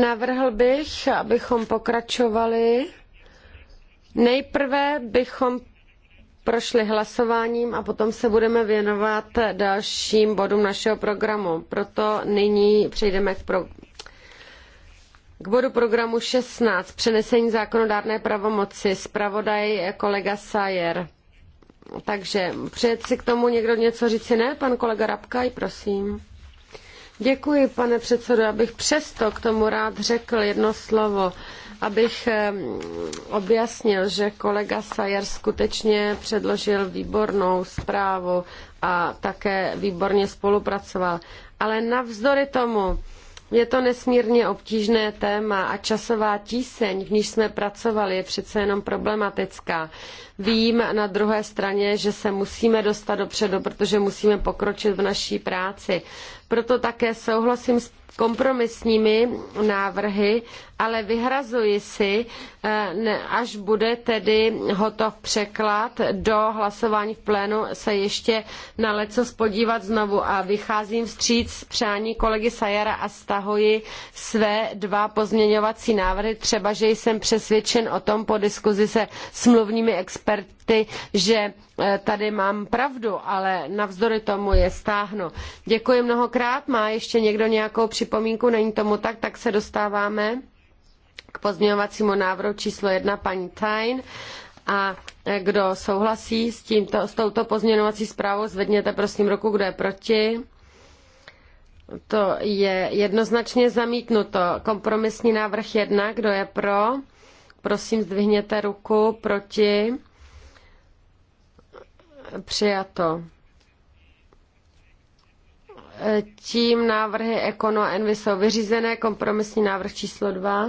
Navrhl bych, abychom pokračovali. Nejprve bychom prošli hlasováním a potom se budeme věnovat dalším bodům našeho programu. Proto nyní přejdeme k, pro... k bodu programu 16. Přenesení zákonodárné pravomoci. Spravodaj kolega Sayer. Takže přeje si k tomu někdo něco říci? Ne, pan kolega Rabkaj, prosím. Děkuji, pane předsedo. Abych přesto k tomu rád řekl jedno slovo, abych objasnil, že kolega Sajer skutečně předložil výbornou zprávu a také výborně spolupracoval. Ale navzdory tomu, je to nesmírně obtížné téma a časová tíseň, v níž jsme pracovali, je přece jenom problematická. Vím na druhé straně, že se musíme dostat dopředu, protože musíme pokročit v naší práci. Proto také souhlasím s kompromisními návrhy, ale vyhrazuji si, eh, až bude tedy hotov překlad do hlasování v plénu, se ještě na leco spodívat znovu a vycházím vstříc přání kolegy Sajara a stahuji své dva pozměňovací návrhy, třeba že jsem přesvědčen o tom po diskuzi se smluvními experty, že Eh, tady mám pravdu, ale navzdory tomu je stáhnu. Děkuji mnohokrát. Má ještě někdo nějakou připomínku? Není tomu tak, tak se dostáváme k pozměňovacímu návrhu číslo jedna paní Tain. A eh, kdo souhlasí s, tímto, s touto pozměňovací zprávou, zvedněte prosím ruku, kdo je proti. To je jednoznačně zamítnuto. Kompromisní návrh jedna, kdo je pro? Prosím, zdvihněte ruku proti. Přijato. Tím návrhy Ekono a Envy jsou vyřízené. Kompromisní návrh číslo 2.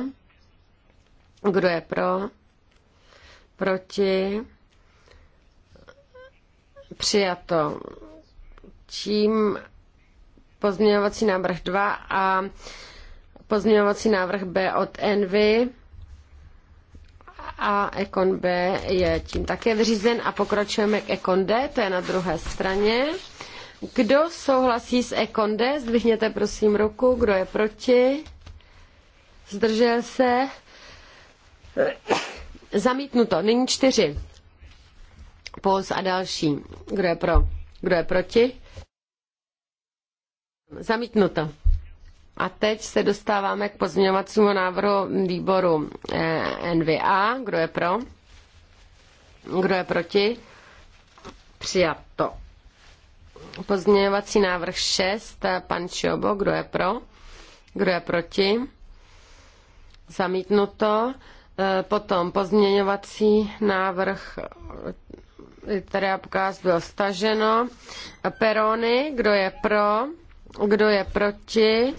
Kdo je pro? Proti? Přijato. Tím pozměňovací návrh 2 a pozměňovací návrh B od Envy a Ekon B je tím také vyřízen a pokračujeme k Ekon D, to je na druhé straně. Kdo souhlasí s Ekon D? Zdvihněte prosím ruku. Kdo je proti? Zdržel se? Zamítnuto. Nyní čtyři. Poz a další. Kdo je pro? Kdo je proti? Zamítnuto. A teď se dostáváme k pozměňovacímu návrhu výboru eh, NVA. Kdo je pro? Kdo je proti? Přijato. Pozměňovací návrh 6, eh, pan Čiobo, kdo je pro? Kdo je proti? Zamítnuto. Eh, potom pozměňovací návrh Teriapkás byl staženo. Perony, kdo je pro? Kdo je proti?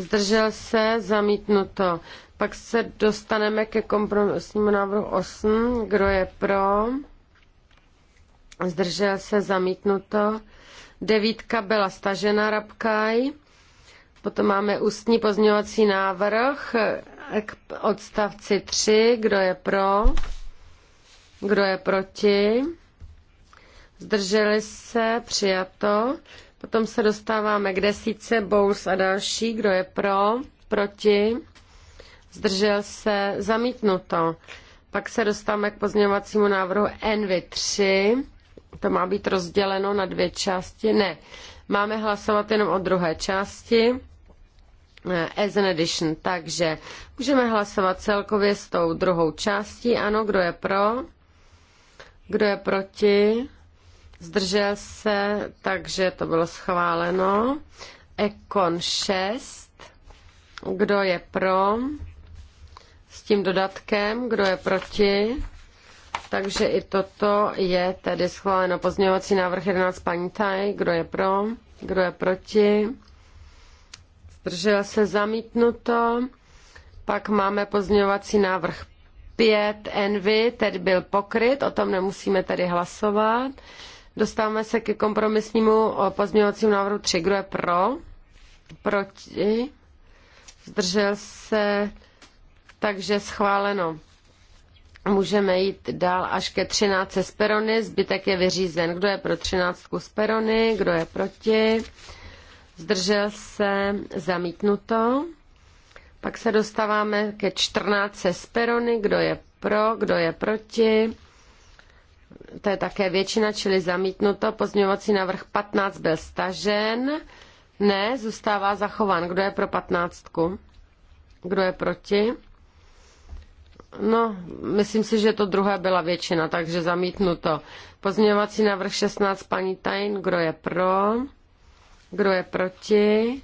zdržel se, zamítnuto. Pak se dostaneme ke kompromisnímu návrhu 8. Kdo je pro? Zdržel se, zamítnuto. Devítka byla stažena Rabkaj. Potom máme ústní pozměňovací návrh k odstavci 3. Kdo je pro? Kdo je proti? Zdrželi se, přijato. Potom se dostáváme k desíce Bowles a další. Kdo je pro? Proti? Zdržel se? Zamítnuto. Pak se dostáváme k pozměňovacímu návrhu NV3. To má být rozděleno na dvě části. Ne. Máme hlasovat jenom o druhé části eh, as an addition. Takže můžeme hlasovat celkově s tou druhou částí. Ano, kdo je pro? Kdo je proti? zdržel se, takže to bylo schváleno. Ekon 6, kdo je pro, s tím dodatkem, kdo je proti, takže i toto je tedy schváleno. Pozměňovací návrh 11 paní Taj, kdo je pro, kdo je proti, zdržel se zamítnuto. Pak máme pozměňovací návrh 5 Envy, tedy byl pokryt, o tom nemusíme tedy hlasovat. Dostáváme se ke kompromisnímu eh, pozměňovacímu návrhu 3. Kdo je pro? Proti? Zdržel se? Takže schváleno. Můžeme jít dál až ke 13 z perony, zbytek je vyřízen. Kdo je pro 13 z perony, kdo je proti? Zdržel se zamítnuto. Pak se dostáváme ke 14 z perony, kdo je pro, kdo je proti? to je také většina, čili zamítnuto. Pozměňovací návrh 15 byl stažen. Ne, zůstává zachován. Kdo je pro 15 Kdo je proti? No, myslím si, že to druhé byla většina, takže zamítnuto. Pozměňovací návrh 16, paní Tajn, kdo je pro? Kdo je proti?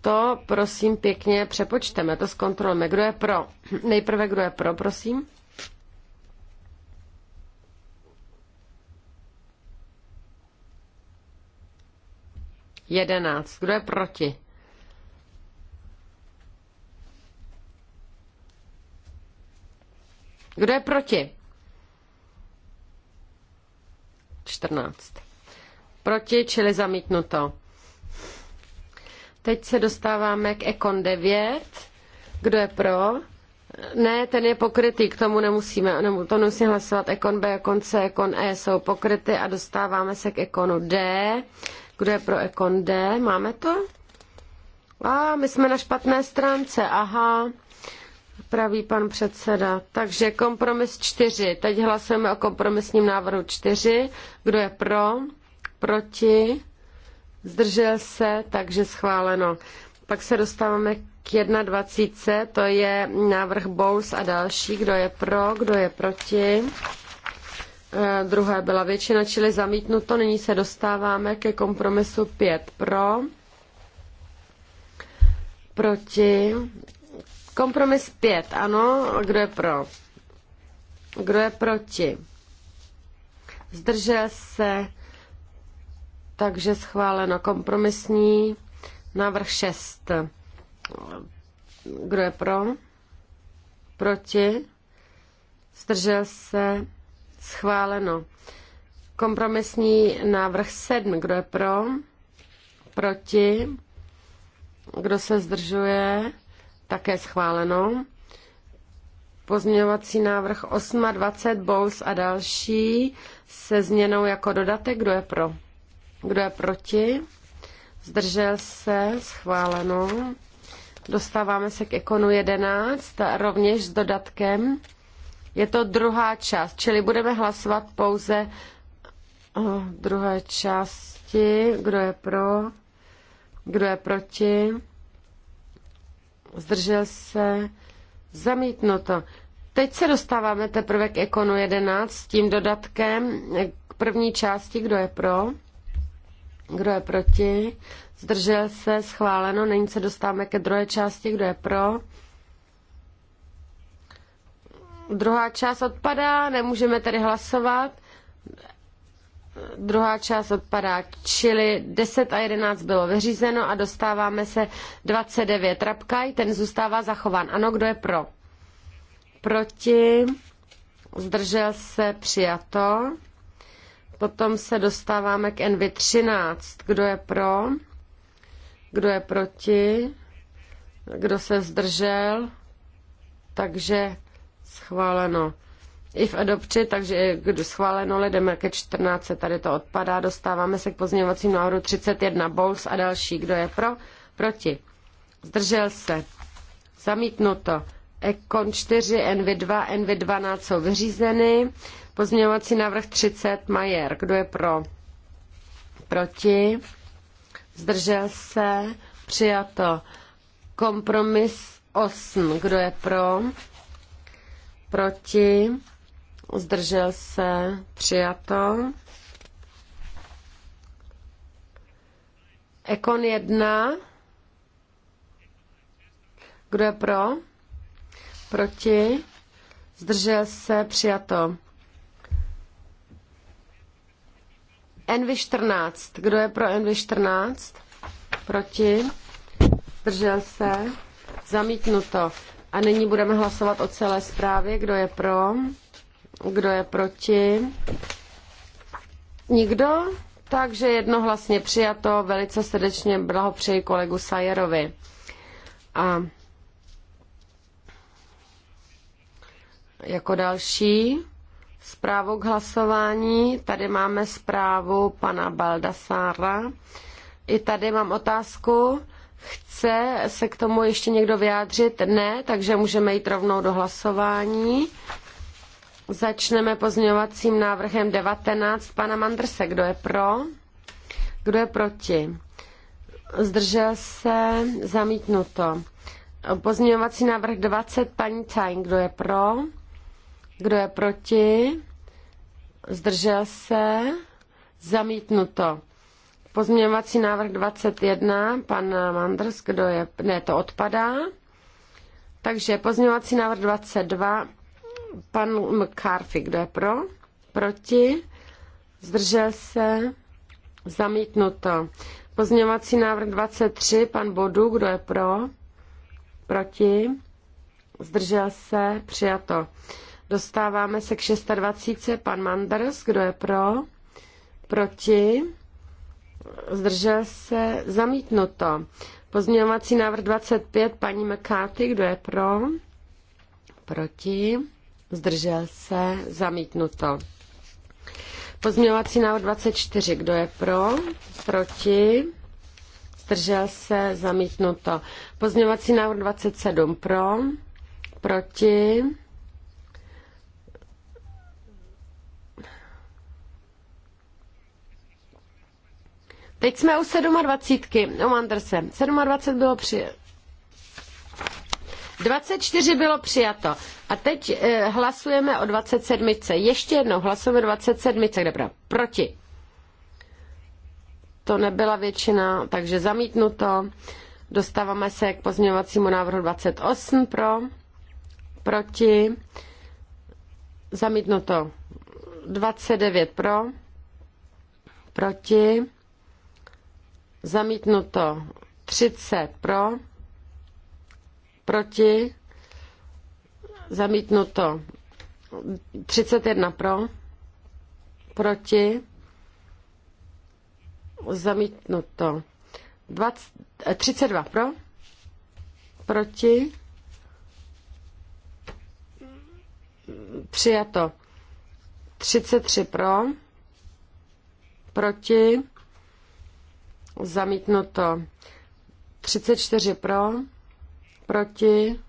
To, prosím, pěkně přepočteme, to zkontrolujeme. Kdo je pro? Nejprve, kdo je pro, prosím? 11. Kdo je proti? Kdo je proti? 14. Proti, čili zamítnuto. Teď se dostáváme k Ekon 9. Kdo je pro? Ne, ten je pokrytý, k tomu nemusíme, nebo to nemusíme hlasovat. Ekon B, Ekon C, Ekon E jsou pokryty a dostáváme se k Ekonu D. Kdo je pro Ekon D? Máme to? A my jsme na špatné stránce, aha, Pravý pan předseda. Takže kompromis 4. Teď hlasujeme o kompromisním návrhu 4. Kdo je pro? Proti? Zdržel se, takže schváleno. Pak se dostáváme k 21. To je návrh Bowles a další. Kdo je pro? Kdo je proti? Eh, druhé byla většina, čili zamítnuto. Nyní se dostáváme ke kompromisu 5 pro, proti. Kompromis 5, ano. Kdo je pro? Kdo je proti? Zdržel se, takže schváleno kompromisní návrh 6. Kdo je pro? Proti? Zdržel se? Schváleno. Kompromisní návrh 7. Kdo je pro? Proti? Kdo se zdržuje? Také schváleno. Pozměňovací návrh 28, Bowles a další se změnou jako dodatek. Kdo je pro? Kdo je proti? Zdržel se? Schváleno. Dostáváme se k ikonu 11, rovněž s dodatkem. Je to druhá část, čili budeme hlasovat pouze o druhé části. Kdo je pro? Kdo je proti? Zdržel se? Zamítnuto. Teď se dostáváme teprve k Ekonu 11 s tím dodatkem k první části, kdo je pro, kdo je proti, zdržel se, schváleno, není se dostáváme ke druhé části, kdo je pro, Druhá část odpadá, nemůžeme tedy hlasovat. Druhá část odpadá, čili 10 a 11 bylo vyřízeno a dostáváme se 29. trapkaj, ten zůstává zachován. Ano, kdo je pro? Proti? Zdržel se přijato. Potom se dostáváme k NV 13. Kdo je pro? Kdo je proti? Kdo se zdržel? Takže schváleno i v adopci, takže kdo schváleno lidem ke 14, tady to odpadá, dostáváme se k pozměňovacím návrhu 31 Bowles a další. Kdo je pro? Proti. Zdržel se. Zamítnuto. Ekon 4, NV2, NV12 jsou vyřízeny. Pozměňovací návrh 30 Majer. Kdo je pro? Proti. Zdržel se. Přijato. Kompromis 8. Kdo je pro? Proti? Zdržel se? Přijato. Ekon 1. Kdo je pro? Proti? Zdržel se? Přijato. nv 14. Kdo je pro nv 14? Proti? Zdržel se? Zamítnuto. A nyní budeme hlasovat o celé zprávě. Kdo je pro? Kdo je proti? Nikdo? Takže jednohlasně přijato. Velice srdečně blahopřeji kolegu Sajerovi. A jako další zprávu k hlasování. Tady máme zprávu pana Baldasára. I tady mám otázku. Chce se k tomu ještě někdo vyjádřit? Ne, takže můžeme jít rovnou do hlasování. Začneme pozměňovacím návrhem 19 pana Mandrse. Kdo je pro? Kdo je proti? Zdržel se? Zamítnuto. Pozměňovací návrh 20 paní Cajn. Kdo je pro? Kdo je proti? Zdržel se? Zamítnuto. Pozměňovací návrh 21, pan Manders, kdo je, ne, to odpadá. Takže pozměňovací návrh 22, pan McCarthy, kdo je pro, proti, zdržel se, zamítnuto. Pozměňovací návrh 23, pan Bodu, kdo je pro, proti, zdržel se, přijato. Dostáváme se k 26, pan Manders, kdo je pro, proti, zdržel se, zamítnuto. Pozměňovací návrh 25, paní McCarthy, kdo je pro? Proti, zdržel se, zamítnuto. Pozměňovací návrh 24, kdo je pro? Proti, zdržel se, zamítnuto. Pozměňovací návrh 27, pro? Proti, Teď jsme u 27. u no, Anderse. 27 bylo při... 24 bylo přijato. A teď e, hlasujeme o 27. Ještě jednou hlasujeme 27. Kde pro? Proti. To nebyla většina, takže zamítnuto. Dostáváme se k pozměňovacímu návrhu 28 pro, proti, zamítnuto 29 pro, proti, Zamítnuto 30 pro, proti, zamítnuto 31 pro, proti, zamítnuto 20, 32 eh, pro, proti, přijato 33 pro, proti, Zamítnuto. 34 pro, proti,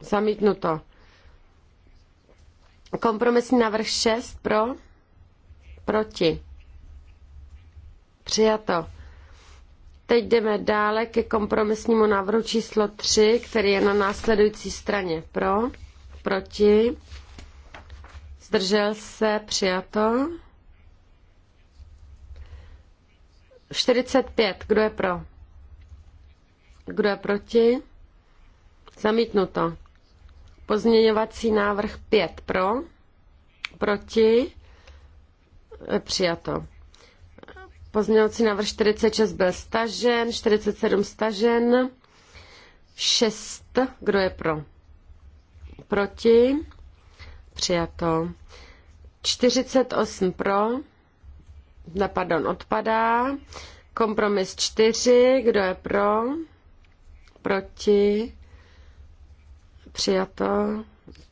zamítnuto. Kompromisní návrh 6 pro, proti. Přijato. Teď jdeme dále ke kompromisnímu návrhu číslo 3, který je na následující straně. Pro, proti, zdržel se, přijato. 45. Kdo je pro? Kdo je proti? Zamítnuto. Pozměňovací návrh 5 pro, proti, eh, přijato. Pozměňovací návrh 46 byl stažen, 47 stažen, 6, kdo je pro? Proti, přijato. 48 pro, ne, pardon, odpadá. Kompromis 4, kdo je pro? Proti? Přijato.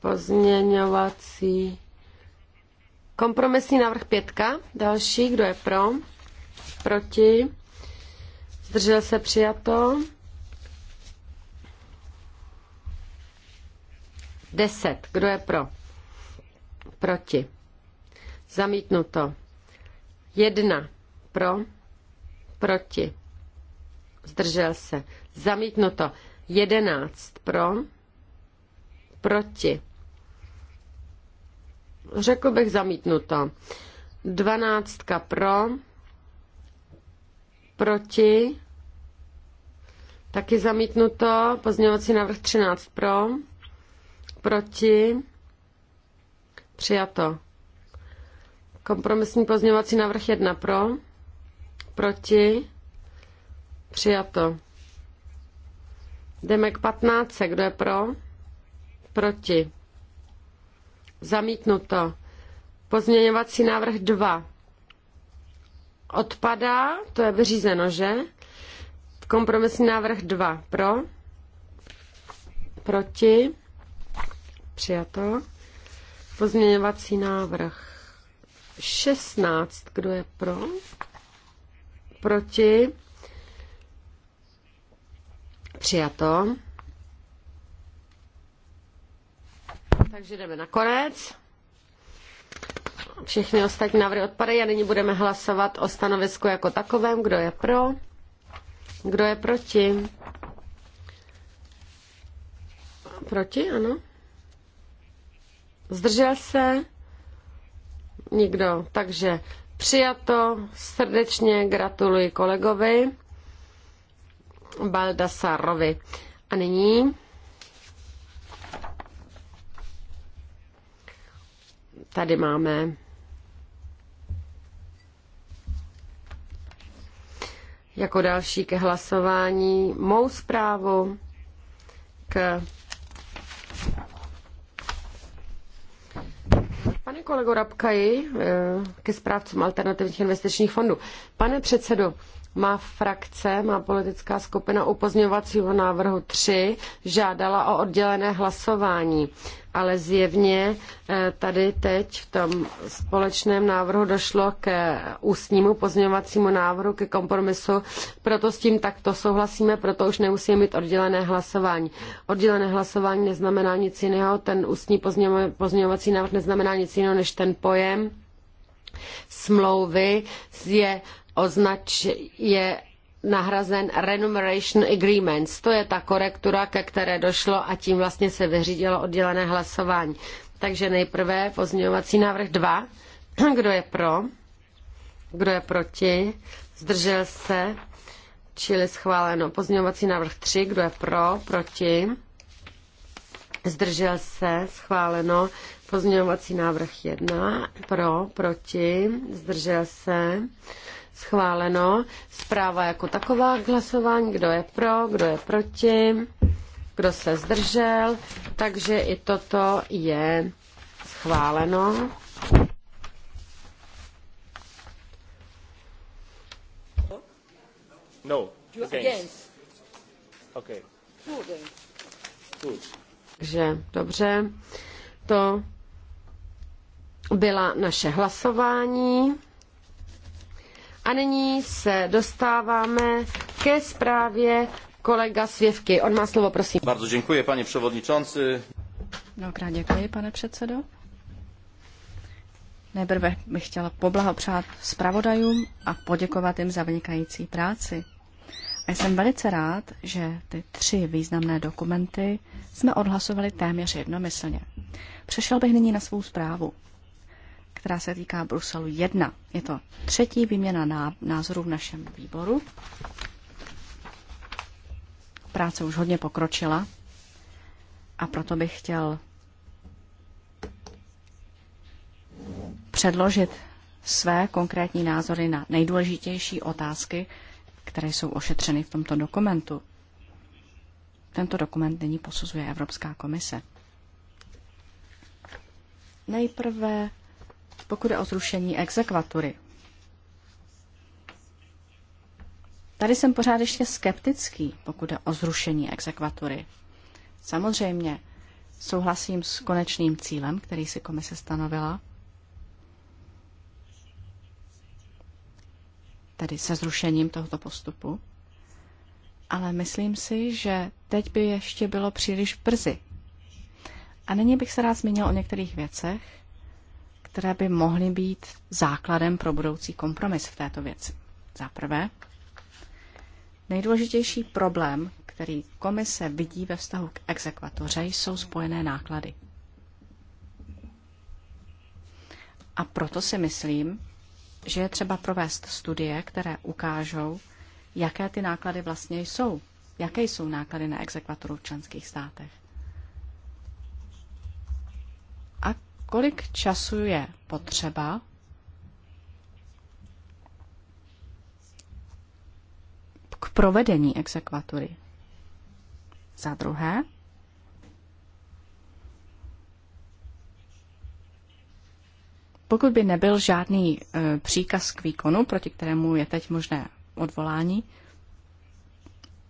Pozměňovací. Kompromisní návrh pětka. Další, kdo je pro? Proti? Zdržel se přijato. 10. Kdo je pro? Proti. Zamítnuto. Jedna pro, proti, zdržel se, zamítnuto. Jedenáct pro, proti. Řekl bych zamítnuto. Dvanáctka pro, proti, taky zamítnuto. Pozměňovací návrh 13 pro, proti, přijato. Kompromisní pozměňovací návrh 1 pro, proti, přijato. Jdeme k 15. Kdo je pro? Proti. Zamítnuto. Pozměňovací návrh 2. Odpadá, to je vyřízeno, že? Kompromisní návrh 2. Pro? Proti? Přijato. Pozměňovací návrh 16. Kdo je pro? Proti? Přijato. Takže jdeme na konec. Všechny ostatní návrhy odpadají a nyní budeme hlasovat o stanovisku jako takovém. Kdo je pro? Kdo je proti? Proti, ano. Zdržel se? Nikdo. Takže přijato. Srdečně gratuluji kolegovi Baldasarovi. A nyní tady máme jako další ke hlasování mou zprávu k Pane kolego Rabkaji, eh, ke zprávcům alternativních investičních fondů. Pane předsedo, má frakce, má politická skupina u pozměňovacího návrhu 3 žádala o oddělené hlasování, ale zjevně eh, tady teď v tom společném návrhu došlo k ústnímu pozměňovacímu návrhu, ke kompromisu, proto s tím takto souhlasíme, proto už nemusíme mít oddělené hlasování. Oddělené hlasování neznamená nic jiného, ten ústní pozměňovací návrh neznamená nic jiného než ten pojem smlouvy je označ, je nahrazen Renumeration Agreements. To je ta korektura, ke které došlo a tím vlastně se vyřídilo oddělené hlasování. Takže nejprve pozměňovací návrh 2. Kdo je pro? Kdo je proti? Zdržel se? Čili schváleno. Pozměňovací návrh 3. Kdo je pro? Proti? Zdržel se? Schváleno. Pozměňovací návrh 1. Pro? Proti? Zdržel se? Schváleno. Zpráva jako taková k hlasování. Kdo je pro, kdo je proti, kdo se zdržel. Takže i toto je schváleno. No, Takže dobře, to byla naše hlasování. A nyní se dostáváme ke zprávě kolega Svěvky. On má slovo, prosím. Bardzo děkuji, pane předsedající. Mnohokrát děkuji, pane předsedo. Nejprve bych chtěla poblahopřát zpravodajům a poděkovat jim za vynikající práci. A jsem velice rád, že ty tři významné dokumenty jsme odhlasovali téměř jednomyslně. Přešel bych nyní na svou zprávu která se týká Bruselu 1. Je to třetí výměna názorů v našem výboru. Práce už hodně pokročila a proto bych chtěl předložit své konkrétní názory na nejdůležitější otázky, které jsou ošetřeny v tomto dokumentu. Tento dokument nyní posuzuje Evropská komise. Nejprve pokud je o zrušení exekvatury. Tady jsem pořád ještě skeptický, pokud je o zrušení exekvatury. Samozřejmě souhlasím s konečným cílem, který si komise stanovila, tedy se zrušením tohoto postupu, ale myslím si, že teď by ještě bylo příliš brzy. A nyní bych se rád zmínil o některých věcech, které by mohly být základem pro budoucí kompromis v této věci. Za prvé, nejdůležitější problém, který komise vidí ve vztahu k exekvatoře, jsou spojené náklady. A proto si myslím, že je třeba provést studie, které ukážou, jaké ty náklady vlastně jsou. Jaké jsou náklady na exekvatoru v členských státech? A kolik času je potřeba k provedení exekvatury. Za druhé, pokud by nebyl žádný e, příkaz k výkonu, proti kterému je teď možné odvolání,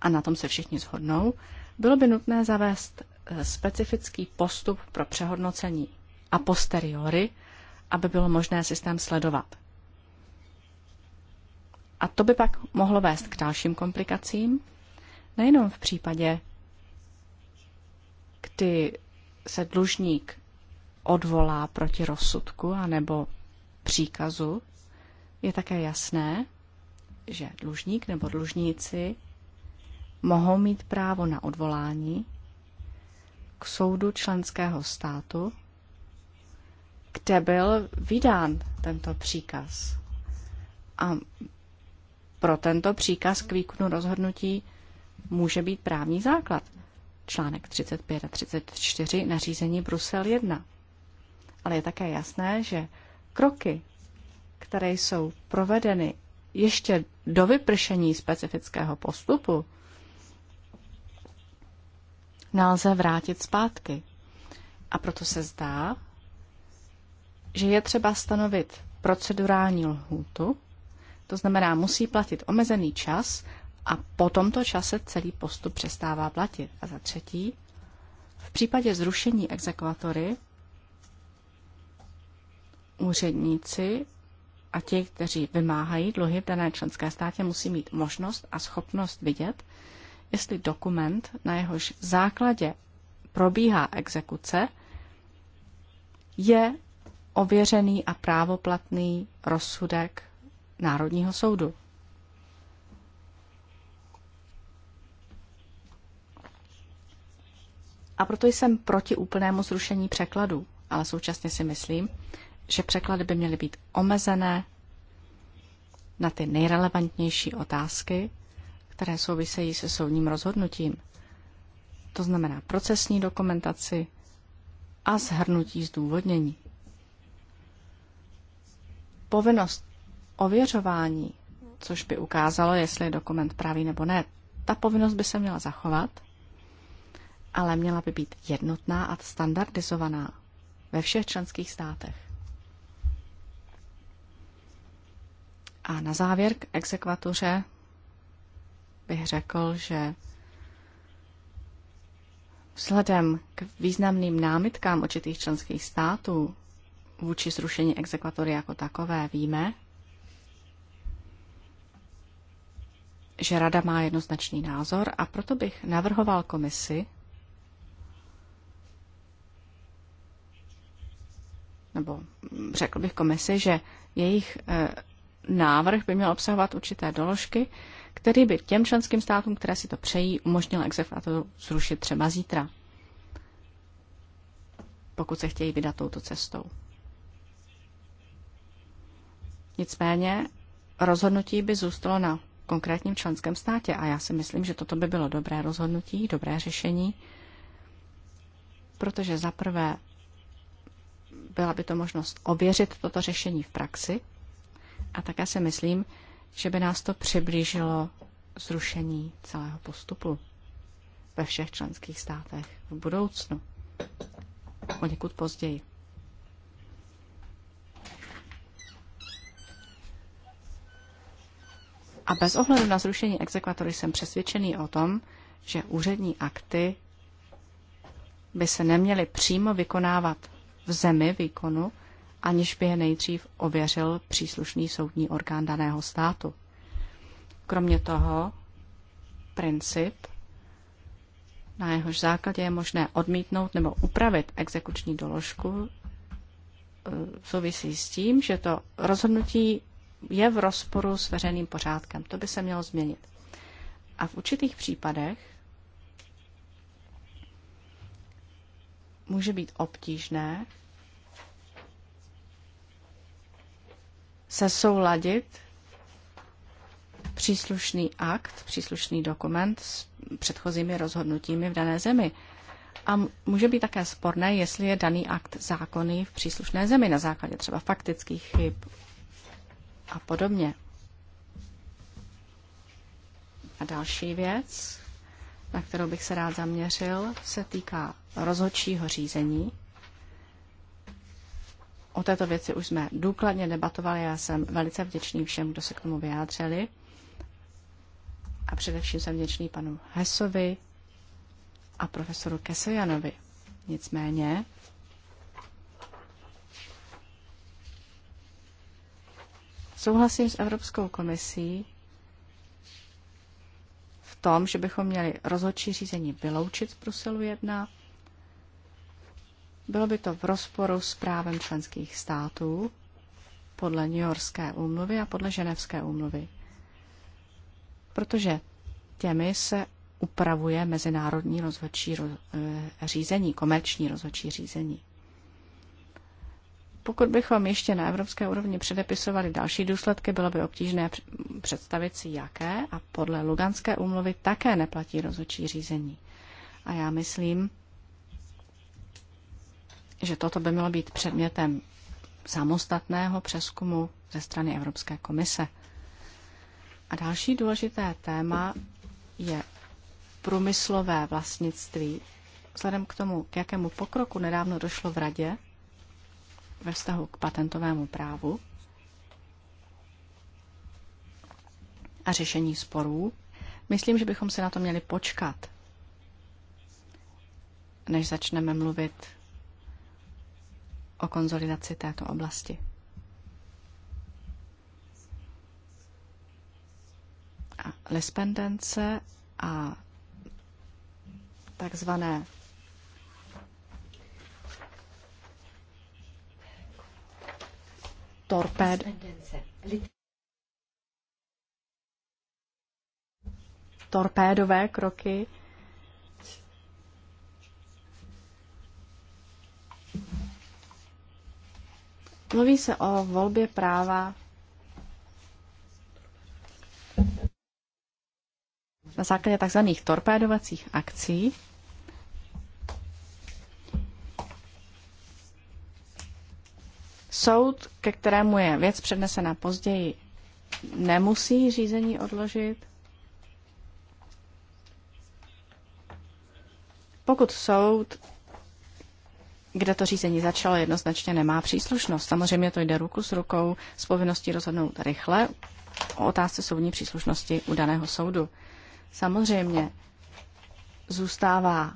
a na tom se všichni shodnou, bylo by nutné zavést e, specifický postup pro přehodnocení a posteriori, aby bylo možné systém sledovat. A to by pak mohlo vést k dalším komplikacím, nejenom v případě, kdy se dlužník odvolá proti rozsudku anebo příkazu, je také jasné, že dlužník nebo dlužníci mohou mít právo na odvolání k soudu členského státu kde byl vydán tento příkaz. A pro tento příkaz k výkonu rozhodnutí může být právní základ. Článek 35 a 34 nařízení Brusel 1. Ale je také jasné, že kroky, které jsou provedeny ještě do vypršení specifického postupu, nelze vrátit zpátky. A proto se zdá, že je třeba stanovit procedurální lhůtu, to znamená, musí platit omezený čas a po tomto čase celý postup přestává platit. A za třetí, v případě zrušení exekvatory úředníci a ti, kteří vymáhají dluhy v dané členské státě, musí mít možnost a schopnost vidět, jestli dokument, na jehož základě probíhá exekuce, je ověřený a právoplatný rozsudek Národního soudu. A proto jsem proti úplnému zrušení překladu, ale současně si myslím, že překlady by měly být omezené na ty nejrelevantnější otázky, které souvisejí se soudním rozhodnutím. To znamená procesní dokumentaci a zhrnutí zdůvodnění povinnost ověřování, což by ukázalo, jestli je dokument pravý nebo ne, ta povinnost by se měla zachovat, ale měla by být jednotná a standardizovaná ve všech členských státech. A na závěr k exekvatuře bych řekl, že vzhledem k významným námitkám určitých členských států vůči zrušení exekvatory jako takové víme, že rada má jednoznačný názor a proto bych navrhoval komisi, nebo řekl bych komisi, že jejich eh, návrh by měl obsahovat určité doložky, který by těm členským státům, které si to přejí, umožnil exekvatoru zrušit třeba zítra, pokud se chtějí vydat touto cestou. Nicméně rozhodnutí by zůstalo na konkrétním členském státě a já si myslím, že toto by bylo dobré rozhodnutí, dobré řešení, protože za prvé byla by to možnost ověřit toto řešení v praxi a také si myslím, že by nás to přiblížilo zrušení celého postupu ve všech členských státech v budoucnu, poněkud později. A bez ohledu na zrušení exekvatory jsem přesvědčený o tom, že úřední akty by se neměly přímo vykonávat v zemi výkonu, aniž by je nejdřív ověřil příslušný soudní orgán daného státu. Kromě toho princip, na jehož základě je možné odmítnout nebo upravit exekuční doložku, e, souvisí s tím, že to rozhodnutí je v rozporu s veřejným pořádkem. To by se mělo změnit. A v určitých případech může být obtížné se souladit příslušný akt, příslušný dokument s předchozími rozhodnutími v dané zemi. A může být také sporné, jestli je daný akt zákonný v příslušné zemi na základě třeba faktických chyb, a podobně. A další věc, na kterou bych se rád zaměřil, se týká rozhodčího řízení. O této věci už jsme důkladně debatovali, já jsem velice vděčný všem, kdo se k tomu vyjádřili. A především jsem vděčný panu Hesovi a profesoru Kesejanovi. Nicméně Souhlasím s Evropskou komisí v tom, že bychom měli rozhodčí řízení vyloučit z Bruselu 1. Bylo by to v rozporu s právem členských států podle New Yorkské úmluvy a podle Ženevské úmluvy. Protože těmi se upravuje mezinárodní rozhodčí eh, řízení, komerční rozhodčí řízení. Pokud bychom ještě na evropské úrovni předepisovali další důsledky, bylo by obtížné představit si, jaké a podle Luganské úmluvy také neplatí rozhodčí řízení. A já myslím, že toto by mělo být předmětem samostatného přeskumu ze strany Evropské komise. A další důležité téma je průmyslové vlastnictví. Vzhledem k tomu, k jakému pokroku nedávno došlo v Radě, ve vztahu k patentovému právu a řešení sporů, myslím, že bychom se na to měli počkat, než začneme mluvit o konzolidaci této oblasti. A lispendence a takzvané torpéd. Torpédové kroky. Mluví se o volbě práva na základě takzvaných torpédovacích akcí. Soud, ke kterému je věc přednesena později, nemusí řízení odložit. Pokud soud, kde to řízení začalo, jednoznačně nemá příslušnost. Samozřejmě to jde ruku s rukou s povinností rozhodnout rychle o otázce soudní příslušnosti u daného soudu. Samozřejmě zůstává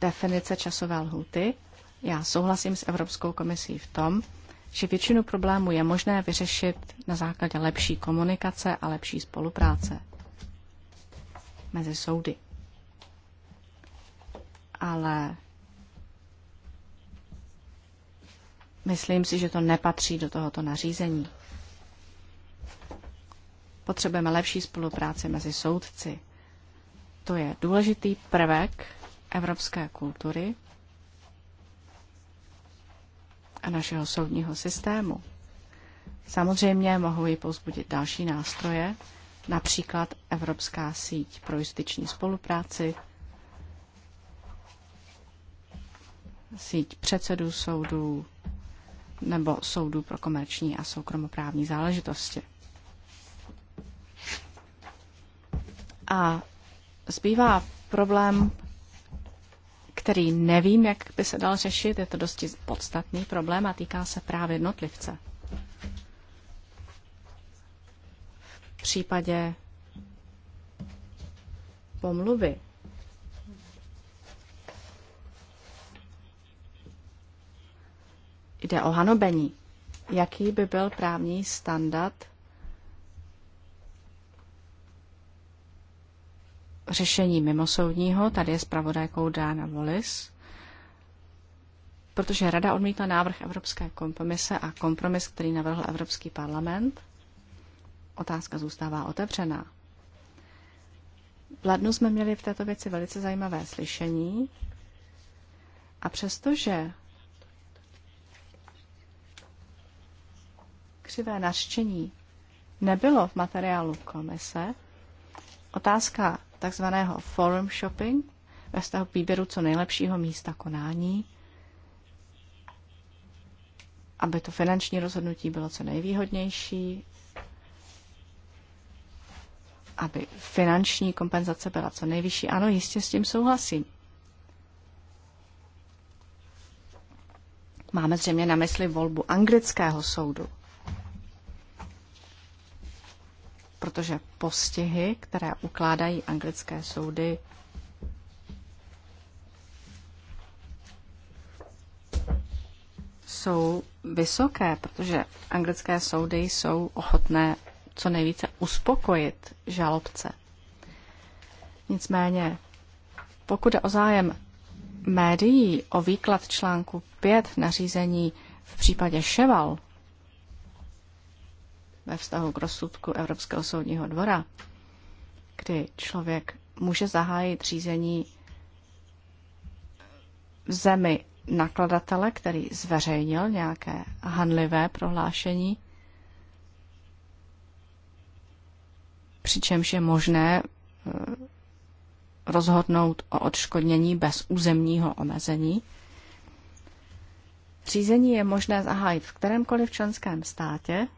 definice časové lhuty. Já souhlasím s Evropskou komisí v tom, že většinu problémů je možné vyřešit na základě lepší komunikace a lepší spolupráce mezi soudy. Ale myslím si, že to nepatří do tohoto nařízení. Potřebujeme lepší spolupráci mezi soudci. To je důležitý prvek evropské kultury, a našeho soudního systému. Samozřejmě mohou ji pozbudit další nástroje, například Evropská síť pro justiční spolupráci, síť předsedů soudů nebo soudů pro komerční a soukromoprávní záležitosti. A zbývá problém který nevím, jak by se dal řešit. Je to dosti podstatný problém a týká se právě jednotlivce. V případě pomluvy jde o hanobení. Jaký by byl právní standard řešení mimosoudního. Tady je zpravodajkou Dana Volis, protože Rada odmítla návrh Evropské kompromise a kompromis, který navrhl Evropský parlament. Otázka zůstává otevřená. V lednu jsme měli v této věci velice zajímavé slyšení a přestože křivé nařčení nebylo v materiálu komise, Otázka takzvaného forum shopping ve vztahu k výběru co nejlepšího místa konání, aby to finanční rozhodnutí bylo co nejvýhodnější, aby finanční kompenzace byla co nejvyšší. Ano, jistě s tím souhlasím. Máme zřejmě na mysli volbu anglického soudu. protože postihy, které ukládají anglické soudy, jsou vysoké, protože anglické soudy jsou ochotné co nejvíce uspokojit žalobce. Nicméně, pokud je o zájem médií o výklad článku 5 nařízení v případě Cheval, ve vztahu k rozsudku Evropského soudního dvora, kdy člověk může zahájit řízení v zemi nakladatele, který zveřejnil nějaké hanlivé prohlášení, přičemž je možné e, rozhodnout o odškodnění bez územního omezení. Řízení je možné zahájit v kterémkoliv členském státě,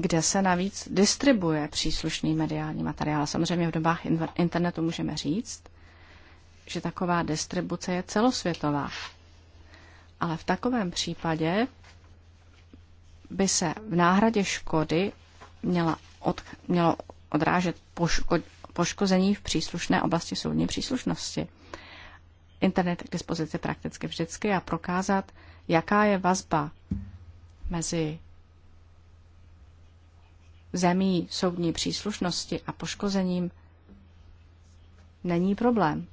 kde se navíc distribuje příslušný mediální materiál. Samozřejmě v dobách internetu můžeme říct, že taková distribuce je celosvětová. Ale v takovém případě by se v náhradě škody měla od, mělo odrážet poško, poškození v příslušné oblasti soudní příslušnosti. Internet je k dispozici prakticky vždycky a prokázat, jaká je vazba mezi zemí soudní příslušnosti a poškozením není problém.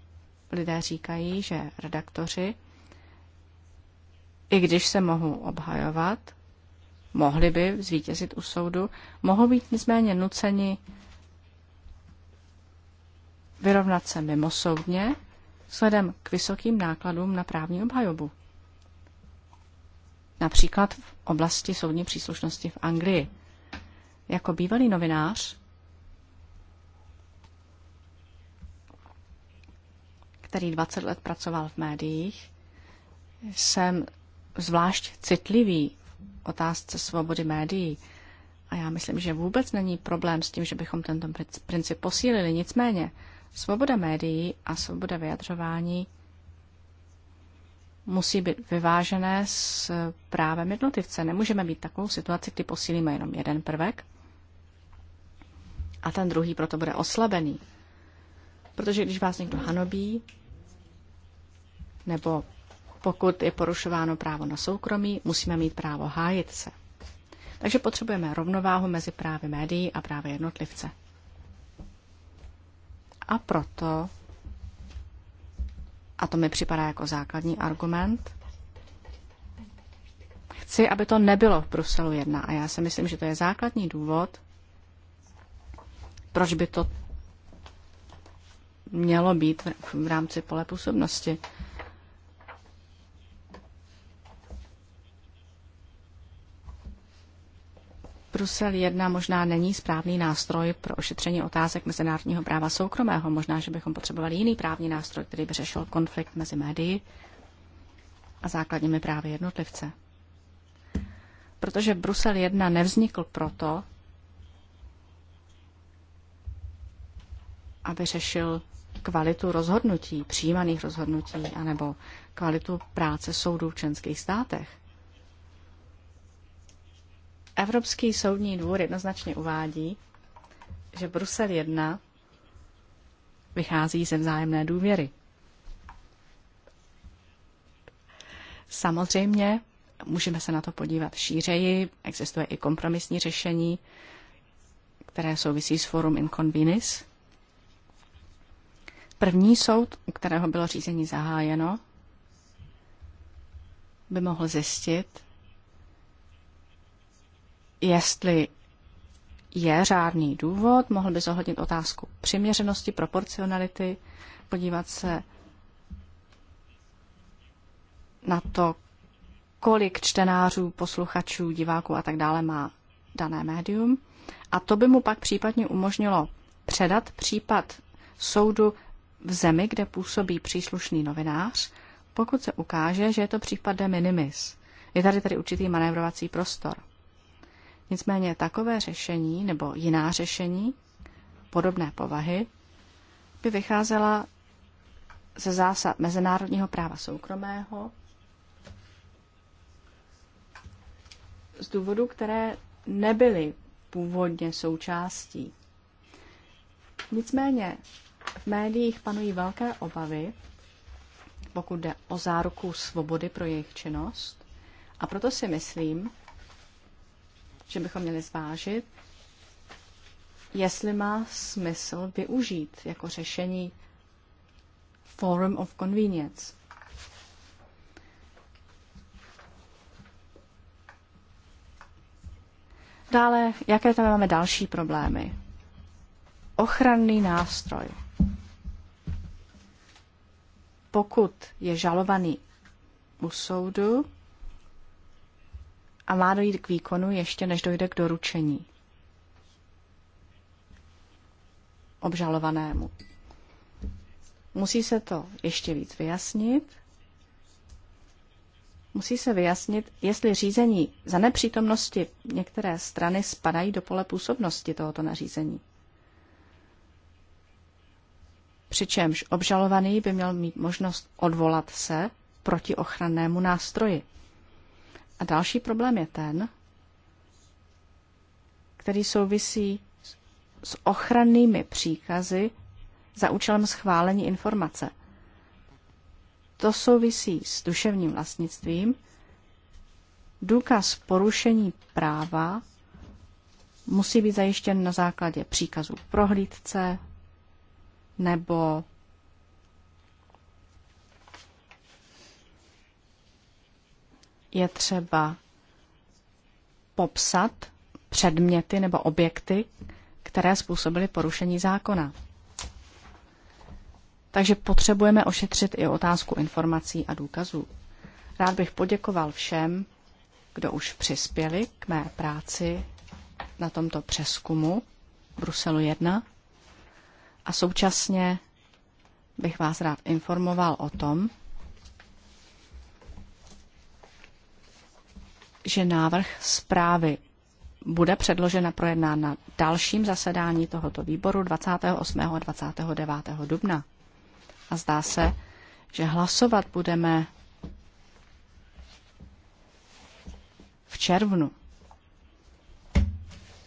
Lidé říkají, že redaktoři, i když se mohou obhajovat, mohli by zvítězit u soudu, mohou být nicméně nuceni vyrovnat se mimo soudně, vzhledem k vysokým nákladům na právní obhajobu. Například v oblasti soudní příslušnosti v Anglii. Jako bývalý novinář, který 20 let pracoval v médiích, jsem zvlášť citlivý v otázce svobody médií. A já myslím, že vůbec není problém s tím, že bychom tento princip posílili. Nicméně, svoboda médií a svoboda vyjadřování musí být vyvážené s právem jednotlivce. Nemůžeme být takovou situaci, kdy posílíme jenom jeden prvek a ten druhý proto bude oslabený. Protože když vás někdo hanobí, nebo pokud je porušováno právo na soukromí, musíme mít právo hájit se. Takže potřebujeme rovnováhu mezi právy médií a právy jednotlivce. A proto, a to mi připadá jako základní argument, chci, aby to nebylo v Bruselu jedna. A já si myslím, že to je základní důvod, proč by to mělo být v rámci pole působnosti. Brusel 1 možná není správný nástroj pro ošetření otázek mezinárodního práva soukromého. Možná, že bychom potřebovali jiný právní nástroj, který by řešil konflikt mezi médií a základními právy jednotlivce. Protože Brusel 1 nevznikl proto, aby řešil kvalitu rozhodnutí, přijímaných rozhodnutí, anebo kvalitu práce soudů v členských státech. Evropský soudní dvůr jednoznačně uvádí, že Brusel 1 vychází ze vzájemné důvěry. Samozřejmě můžeme se na to podívat šířeji, existuje i kompromisní řešení, které souvisí s Forum Inconvenis, První soud, u kterého bylo řízení zahájeno, by mohl zjistit, jestli je řádný důvod, mohl by zohlednit otázku přiměřenosti, proporcionality, podívat se na to, kolik čtenářů, posluchačů, diváků a tak dále má dané médium. A to by mu pak případně umožnilo předat případ soudu v zemi, kde působí příslušný novinář, pokud se ukáže, že je to případ de minimis. Je tady tedy určitý manévrovací prostor. Nicméně takové řešení nebo jiná řešení podobné povahy by vycházela ze zásad mezinárodního práva soukromého z důvodu, které nebyly původně součástí. Nicméně v médiích panují velké obavy, pokud jde o záruku svobody pro jejich činnost. A proto si myslím, že bychom měli zvážit, jestli má smysl využít jako řešení Forum of Convenience. Dále, jaké tam máme další problémy? Ochranný nástroj pokud je žalovaný u soudu a má dojít k výkonu ještě než dojde k doručení obžalovanému. Musí se to ještě víc vyjasnit. Musí se vyjasnit, jestli řízení za nepřítomnosti některé strany spadají do pole působnosti tohoto nařízení přičemž obžalovaný by měl mít možnost odvolat se proti ochrannému nástroji. A další problém je ten, který souvisí s ochrannými příkazy za účelem schválení informace. To souvisí s duševním vlastnictvím. Důkaz porušení práva musí být zajištěn na základě příkazů prohlídce, nebo je třeba popsat předměty nebo objekty, které způsobily porušení zákona. Takže potřebujeme ošetřit i otázku informací a důkazů. Rád bych poděkoval všem, kdo už přispěli k mé práci na tomto přeskumu Bruselu 1. A současně bych vás rád informoval o tom, že návrh zprávy bude předložena projednán na dalším zasedání tohoto výboru 28. a 29. dubna. A zdá se, že hlasovat budeme v červnu.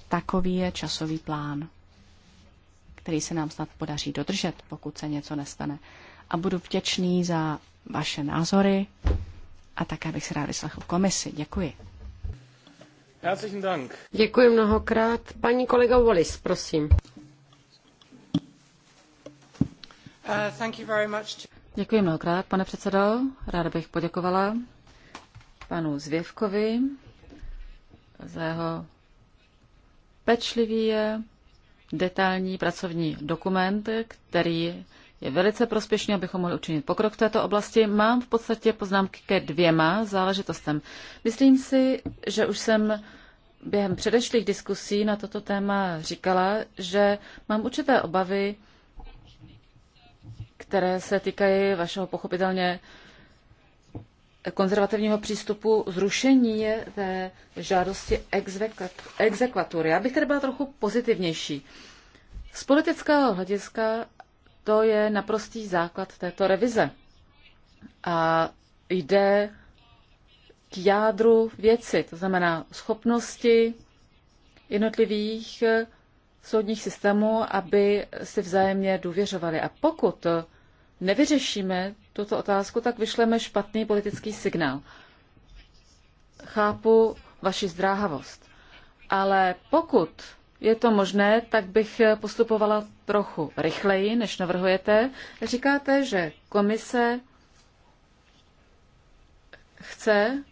Takový je časový plán který se nám snad podaří dodržet, pokud se něco nestane. A budu vděčný za vaše názory a také bych se rád vyslechl komisi. Děkuji. Herzlichen Dank. Děkuji mnohokrát. Paní kolega Wallis, prosím. Uh, thank you very much. Děkuji mnohokrát, pane předsedo. Ráda bych poděkovala panu Zvěvkovi za jeho pečlivý detailní pracovní dokument, který je velice prospěšný, abychom mohli učinit pokrok v této oblasti. Mám v podstatě poznámky ke dvěma záležitostem. Myslím si, že už jsem během předešlých diskusí na toto téma říkala, že mám určité obavy, které se týkají vašeho pochopitelně konzervativního přístupu zrušení té žádosti exekvatury. Já bych tedy byla trochu pozitivnější. Z politického hlediska to je naprostý základ této revize. A jde k jádru věci, to znamená schopnosti jednotlivých soudních systémů, aby si vzájemně důvěřovali. A pokud nevyřešíme tuto otázku, tak vyšleme špatný politický signál. Chápu vaši zdráhavost, ale pokud je to možné, tak bych postupovala trochu rychleji, než navrhujete. Říkáte, že komise chce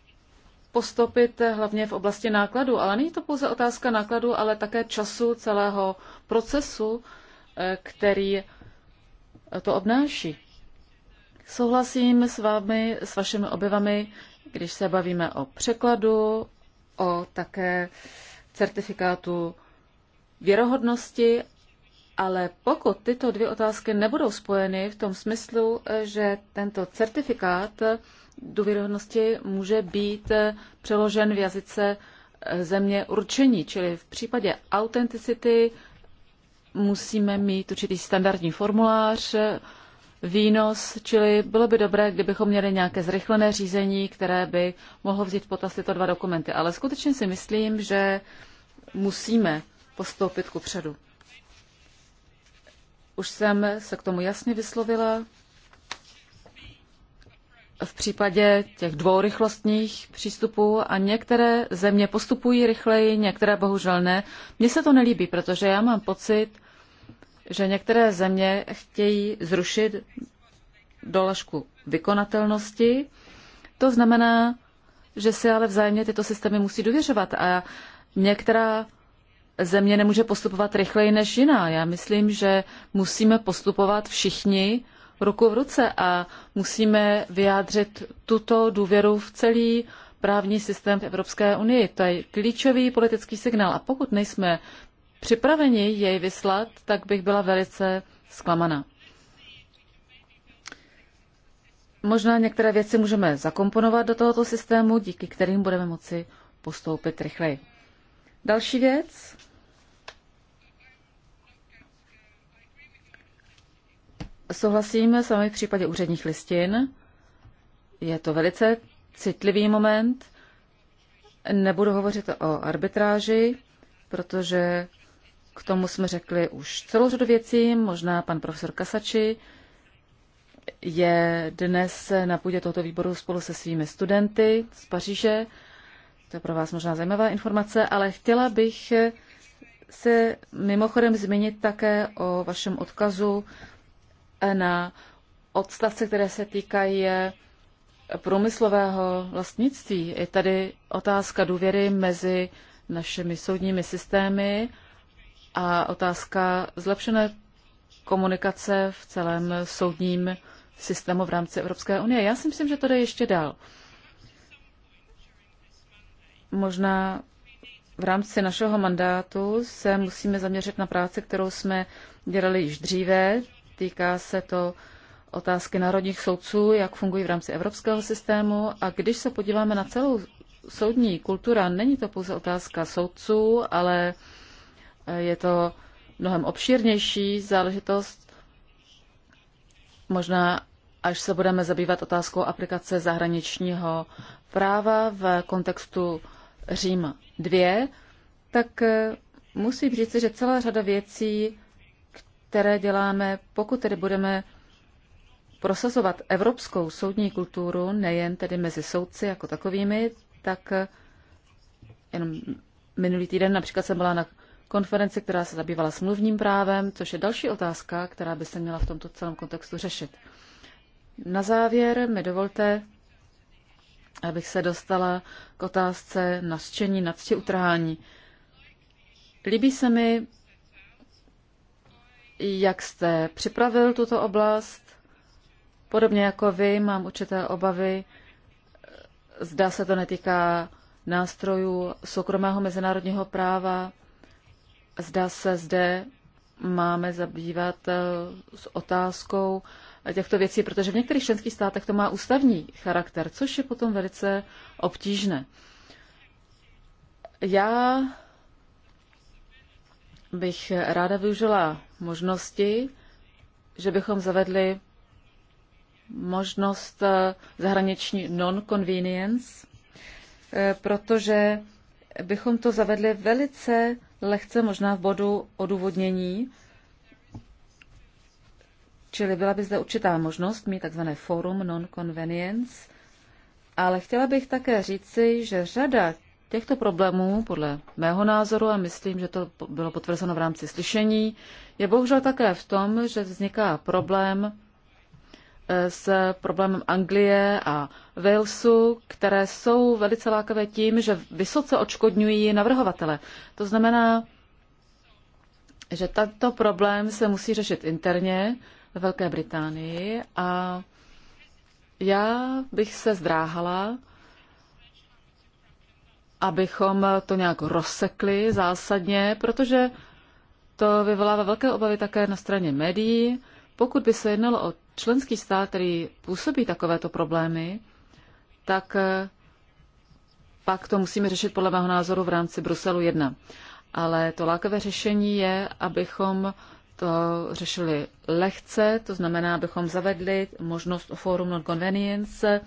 postupit hlavně v oblasti nákladů, ale není to pouze otázka nákladů, ale také času celého procesu, eh, který to obnáší. Souhlasím s vámi, s vašimi objevami, když se bavíme o překladu, o také certifikátu věrohodnosti, ale pokud tyto dvě otázky nebudou spojeny v tom smyslu, že tento certifikát důvěrohodnosti může být přeložen v jazyce země určení, čili v případě autenticity musíme mít určitý standardní formulář, výnos, čili bylo by dobré, kdybychom měli nějaké zrychlené řízení, které by mohlo vzít v potaz tyto dva dokumenty. Ale skutečně si myslím, že musíme postoupit ku předu. Už jsem se k tomu jasně vyslovila. V případě těch dvou rychlostních přístupů a některé země postupují rychleji, některé bohužel ne. Mně se to nelíbí, protože já mám pocit, že některé země chtějí zrušit doložku vykonatelnosti. To znamená, že si ale vzájemně tyto systémy musí důvěřovat a některá země nemůže postupovat rychleji než jiná. Já myslím, že musíme postupovat všichni ruku v ruce a musíme vyjádřit tuto důvěru v celý právní systém v Evropské unii. To je klíčový politický signál. A pokud nejsme připraveni jej vyslat, tak bych byla velice zklamaná. Možná některé věci můžeme zakomponovat do tohoto systému, díky kterým budeme moci postoupit rychleji. Další věc. Souhlasím s vámi v případě úředních listin. Je to velice citlivý moment. Nebudu hovořit o arbitráži, protože k tomu jsme řekli už celou řadu věcí, možná pan profesor Kasači je dnes na půdě tohoto výboru spolu se svými studenty z Paříže. To je pro vás možná zajímavá informace, ale chtěla bych se mimochodem zmínit také o vašem odkazu na odstavce, které se týkají průmyslového vlastnictví. Je tady otázka důvěry mezi našimi soudními systémy a otázka zlepšené komunikace v celém soudním systému v rámci Evropské unie. Já si myslím, že to jde ještě dál. Možná v rámci našeho mandátu se musíme zaměřit na práci, kterou jsme dělali již dříve. Týká se to otázky národních soudců, jak fungují v rámci evropského systému. A když se podíváme na celou soudní kultura, není to pouze otázka soudců, ale je to mnohem obšírnější záležitost. Možná až se budeme zabývat otázkou aplikace zahraničního práva v kontextu Řím 2, tak eh, musím říct, že celá řada věcí, které děláme, pokud tedy budeme prosazovat evropskou soudní kulturu, nejen tedy mezi soudci jako takovými, tak eh, jenom minulý týden například jsem byla na konferenci, která se zabývala smluvním právem, což je další otázka, která by se měla v tomto celém kontextu řešit. Na závěr mi dovolte, abych se dostala k otázce nařčení, nadstě utrhání. Líbí se mi, jak jste připravil tuto oblast. Podobně jako vy, mám určité obavy. Zdá se to netýká nástrojů soukromého mezinárodního práva, zda se zde máme zabývat eh, s otázkou eh, těchto věcí, protože v některých členských státech to má ústavní charakter, což je potom velice obtížné. Já bych ráda využila možnosti, že bychom zavedli možnost eh, zahraniční non-convenience, protože bychom to zavedli velice lehce, možná v bodu odůvodnění, čili byla by zde určitá možnost mít tzv. forum non-convenience, ale chtěla bych také říci, že řada těchto problémů, podle mého názoru, a myslím, že to bylo potvrzeno v rámci slyšení, je bohužel také v tom, že vzniká problém s problémem Anglie a Walesu, které jsou velice lákavé tím, že vysoce očkodňují navrhovatele. To znamená, že tento problém se musí řešit interně ve Velké Británii a já bych se zdráhala, abychom to nějak rozsekli zásadně, protože to vyvolává velké obavy také na straně médií. Pokud by se jednalo o členský stát, který působí takovéto problémy, tak eh, pak to musíme řešit podle mého názoru v rámci Bruselu 1. Ale to lákavé řešení je, abychom to řešili lehce, to znamená, abychom zavedli možnost forum non convenience.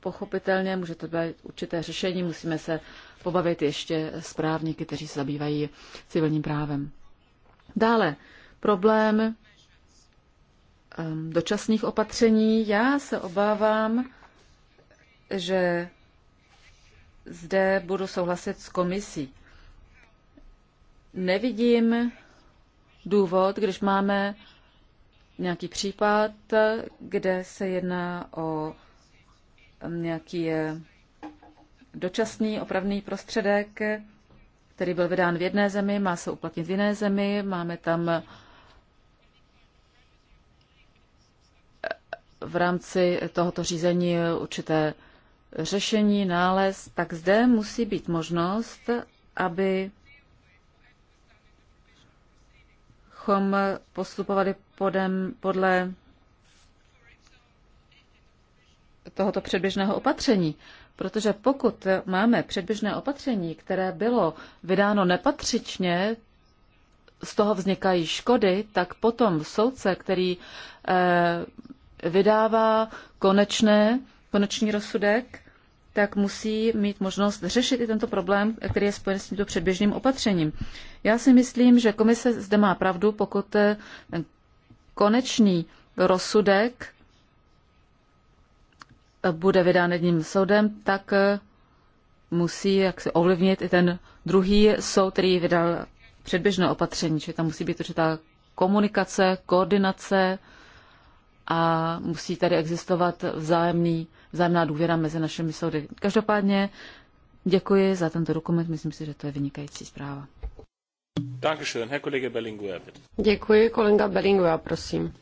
Pochopitelně může to být určité řešení, musíme se pobavit ještě s právníky, kteří se zabývají civilním právem. Dále, problém Um, dočasných opatření. Já se obávám, že zde budu souhlasit s komisí. Nevidím důvod, když máme nějaký případ, kde se jedná o um, nějaký eh, dočasný opravný prostředek, který byl vydán v jedné zemi, má se uplatnit v jiné zemi, máme tam v rámci tohoto řízení určité řešení, nález, tak zde musí být možnost, aby chom postupovali podem, podle tohoto předběžného opatření. Protože pokud máme předběžné opatření, které bylo vydáno nepatřičně, z toho vznikají škody, tak potom soudce, který eh, vydává konečné, konečný rozsudek, tak musí mít možnost řešit i tento problém, který je spojen s tímto předběžným opatřením. Já si myslím, že komise zde má pravdu, pokud eh, ten konečný rozsudek eh, bude vydán jedním soudem, tak eh, musí jak se ovlivnit i ten druhý soud, který vydal předběžné opatření, čili tam musí být určitá komunikace, koordinace, a musí tady existovat vzájemný, vzájemná důvěra mezi našimi soudy. Každopádně děkuji za tento dokument, myslím si, že to je vynikající zpráva. Děkuji, kolega Bellingua, prosím.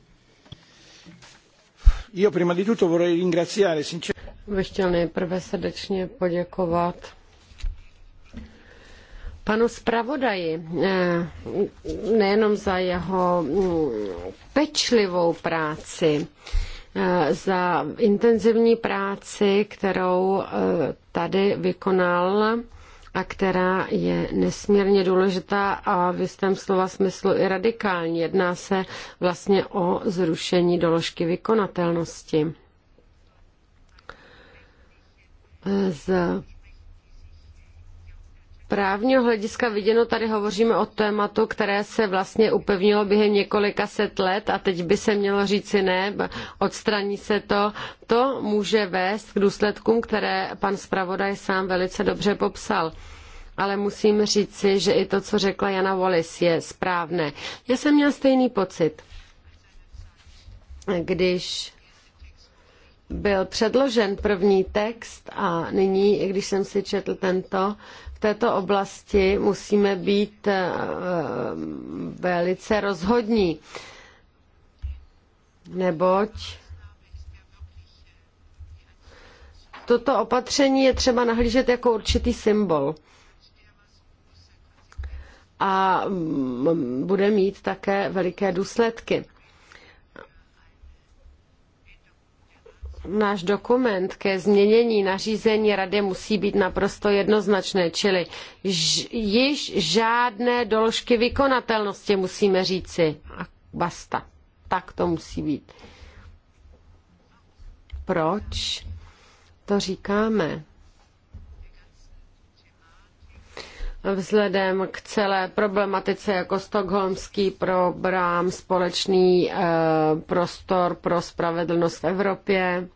Io prima di tutto vorrei ringraziare sinceramente. Bych chtěl nejprve srdečně poděkovat panu zpravodaji eh, nejenom za jeho mm, pečlivou práci, eh, za intenzivní práci, kterou eh, tady vykonal a která je nesmírně důležitá a v jistém slova smyslu i radikální. Jedná se vlastně o zrušení doložky vykonatelnosti. Z právního hlediska viděno tady hovoříme o tématu, které se vlastně upevnilo během několika set let a teď by se mělo říci ne, odstraní se to. To může vést k důsledkům, které pan zpravodaj sám velice dobře popsal. Ale musím říci, že i to, co řekla Jana Wallis, je správné. Já jsem měl stejný pocit, když byl předložen první text a nyní, když jsem si četl tento, této oblasti musíme být eh, velice rozhodní, neboť toto opatření je třeba nahlížet jako určitý symbol a mm, bude mít také veliké důsledky. náš dokument ke změnění nařízení rady musí být naprosto jednoznačné, čili již žádné doložky vykonatelnosti musíme říci. A basta. Tak to musí být. Proč to říkáme? vzhledem k celé problematice jako stokholmský program, společný eh, prostor pro spravedlnost v Evropě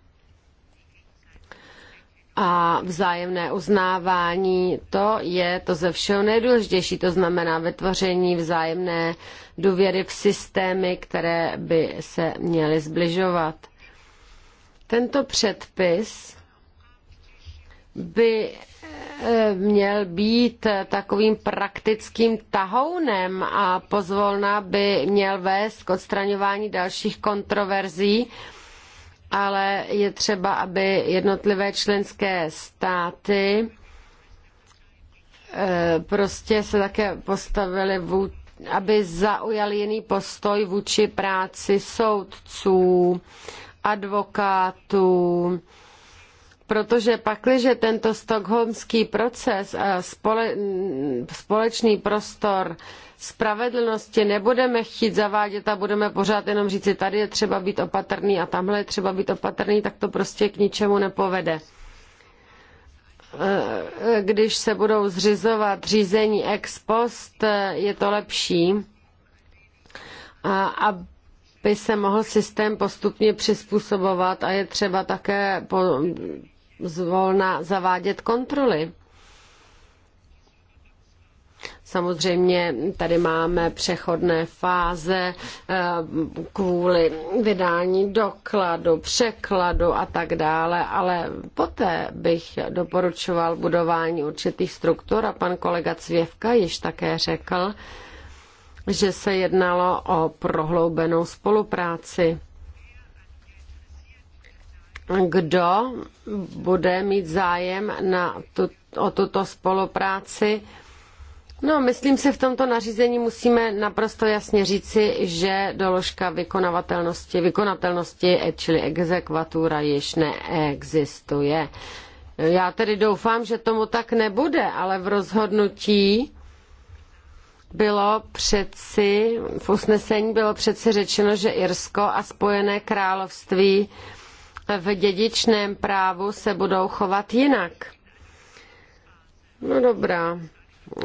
a vzájemné uznávání, to je to ze všeho nejdůležitější, to znamená vytvoření vzájemné důvěry v systémy, které by se měly zbližovat. Tento předpis by eh, měl být takovým praktickým tahounem a pozvolna by měl vést k odstraňování dalších kontroverzí, ale je třeba, aby jednotlivé členské státy eh, prostě se také postavili aby zaujali jiný postoj vůči práci soudců, advokátů, protože pakliže tento stockholmský proces a spole, společný prostor spravedlnosti nebudeme chtít zavádět a budeme pořád jenom říci, tady je třeba být opatrný a tamhle je třeba být opatrný, tak to prostě k ničemu nepovede e, když se budou zřizovat řízení ex post, e, je to lepší, aby se mohl systém postupně přizpůsobovat a je třeba také zvolna zavádět kontroly. Samozřejmě tady máme přechodné fáze eh, kvůli vydání dokladu, překladu a tak dále, ale poté bych doporučoval budování určitých struktur a pan kolega Cvěvka již také řekl, že se jednalo o prohloubenou spolupráci kdo bude mít zájem na tu, o tuto spolupráci. No, myslím si, v tomto nařízení musíme naprosto jasně říci, že doložka vykonavatelnosti, vykonatelnosti, čili exekvatura, již neexistuje. Já tedy doufám, že tomu tak nebude, ale v rozhodnutí bylo přeci, v usnesení bylo přeci řečeno, že Irsko a Spojené království v dědičném právu se budou chovat jinak. No dobrá.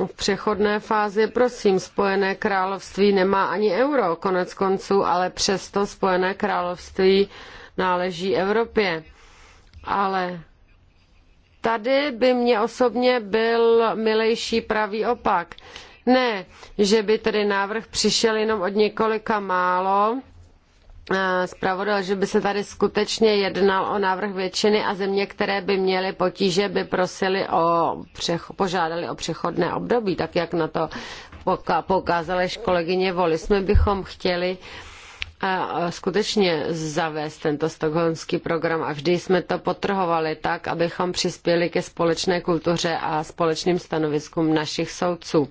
V přechodné fázi, prosím, Spojené království nemá ani euro konec konců, ale přesto Spojené království náleží Evropě. Ale tady by mě osobně byl milejší pravý opak. Ne, že by tedy návrh přišel jenom od několika málo, Eh, zpravodaj, že by se tady skutečně jednal o návrh většiny a země, které by měly potíže, by prosili o, požádali o přechodné období, tak jak na to poukázala kolegyně Volis. My bychom chtěli eh, skutečně zavést tento stokholmský program a vždy jsme to potrhovali tak, abychom přispěli ke společné kultuře a společným stanoviskům našich soudců.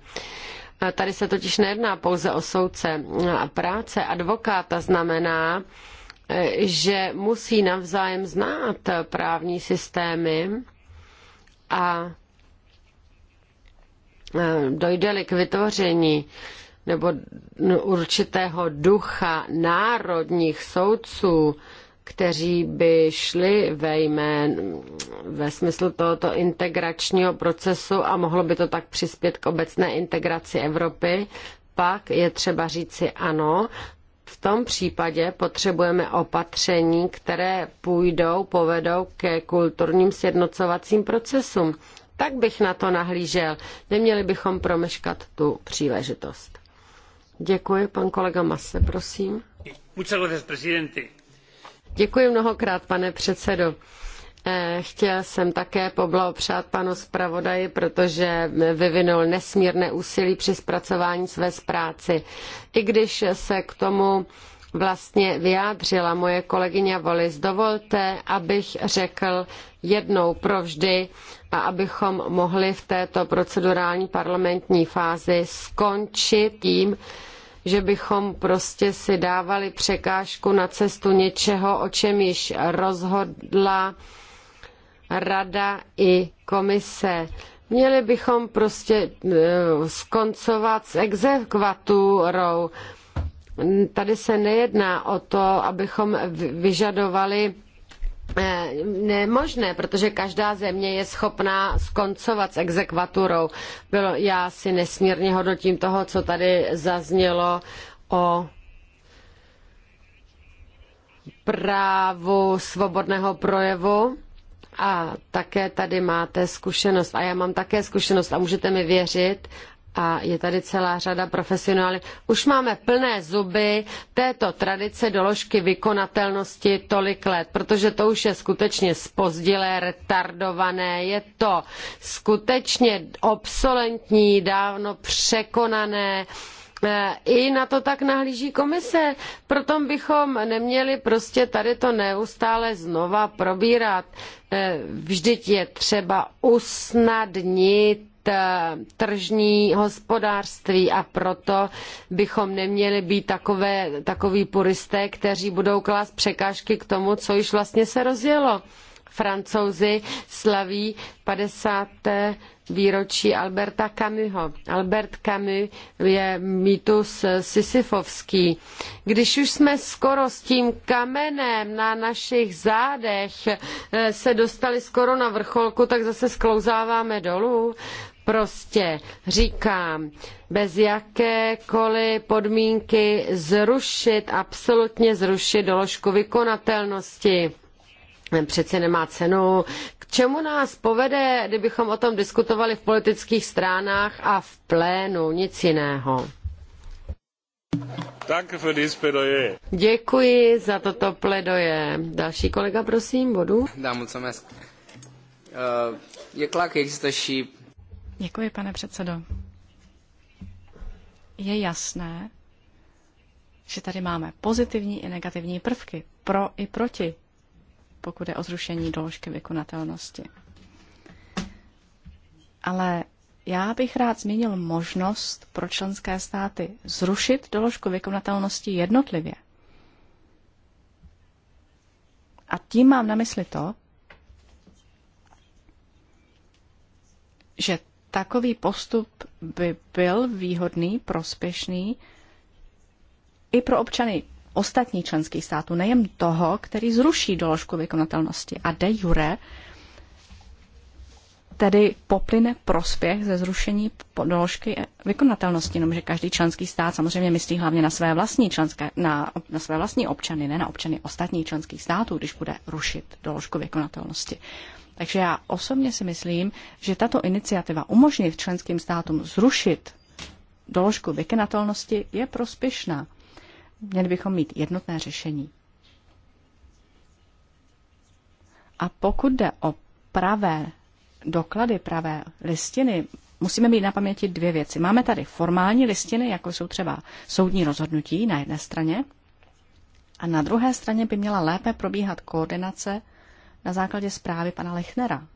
Tady se totiž nejedná pouze o soudce. Práce advokáta znamená, e, že musí navzájem znát právní systémy a e, dojde-li k vytvoření nebo určitého ducha národních soudců, kteří by šli ve jmén ve smyslu tohoto integračního procesu a mohlo by to tak přispět k obecné integraci Evropy, pak je třeba říci ano, v tom případě potřebujeme opatření, které půjdou, povedou ke kulturním sjednocovacím procesům. Tak bych na to nahlížel. Neměli bychom promeškat tu příležitost. Děkuji, pan kolega Mase, prosím. Muchas gracias, presidente. Děkuji mnohokrát, pane předsedo. Eh, chtěl jsem také poblahopřát panu zpravodaji, protože vyvinul nesmírné úsilí při zpracování své zpráci. I když se k tomu vlastně vyjádřila moje kolegyně Volis, dovolte, abych řekl jednou provždy a abychom mohli v této procedurální parlamentní fázi skončit tím, že bychom prostě si dávali překážku na cestu něčeho, o čem již rozhodla rada i komise. Měli bychom prostě eh, skoncovat s exekvaturou. Tady se nejedná o to, abychom vyžadovali Eh, nemožné, protože každá země je schopná skoncovat s exekvaturou. Bylo, já si nesmírně hodnotím toho, co tady zaznělo o právu svobodného projevu. A také tady máte zkušenost. A já mám také zkušenost a můžete mi věřit a je tady celá řada profesionálů. Už máme plné zuby této tradice doložky vykonatelnosti tolik let, protože to už je skutečně spozdilé, retardované, je to skutečně obsolentní, dávno překonané. E, I na to tak nahlíží komise, proto bychom neměli prostě tady to neustále znova probírat. E, vždyť je třeba usnadnit Eh, tržní hospodářství a proto bychom neměli být takové, takový puristé, kteří budou klást překážky k tomu, co již vlastně se rozjelo. Francouzi slaví 50. výročí Alberta Camusho. Albert Camus je mýtus sisyfovský. Když už jsme skoro s tím kamenem na našich zádech eh, se dostali skoro na vrcholku, tak zase sklouzáváme dolů. Prostě říkám, bez jakékoliv podmínky zrušit, absolutně zrušit doložku vykonatelnosti přece nemá cenu. K čemu nás povede, kdybychom o tom diskutovali v politických stranách a v plénu, nic jiného. Děkuji za toto pledoje. Další kolega, prosím, vodu. Da, mulțumesc. Uh, e clar că există și Děkuji, pane předsedo. Je jasné, že tady máme pozitivní i negativní prvky, pro i proti, pokud je o zrušení doložky vykonatelnosti. Ale já bych rád zmínil možnost pro členské státy zrušit doložku vykonatelnosti jednotlivě. A tím mám na mysli to, že takový postup by byl výhodný, prospěšný i pro občany ostatních členských států, nejen toho, který zruší doložku vykonatelnosti. A de jure tedy poplyne prospěch ze zrušení doložky vykonatelnosti, jenomže každý členský stát samozřejmě myslí hlavně na své vlastní, členské, na, na své vlastní občany, ne na občany ostatních členských států, když bude rušit doložku vykonatelnosti. Takže já osobně si myslím, že tato iniciativa umožnit členským státům zrušit doložku vykonatelnosti je prospěšná. Měli bychom mít jednotné řešení. A pokud jde o pravé doklady, pravé listiny, musíme mít na paměti dvě věci. Máme tady formální listiny, jako jsou třeba soudní rozhodnutí na jedné straně, a na druhé straně by měla lépe probíhat koordinace na základě zprávy pana Lechnera.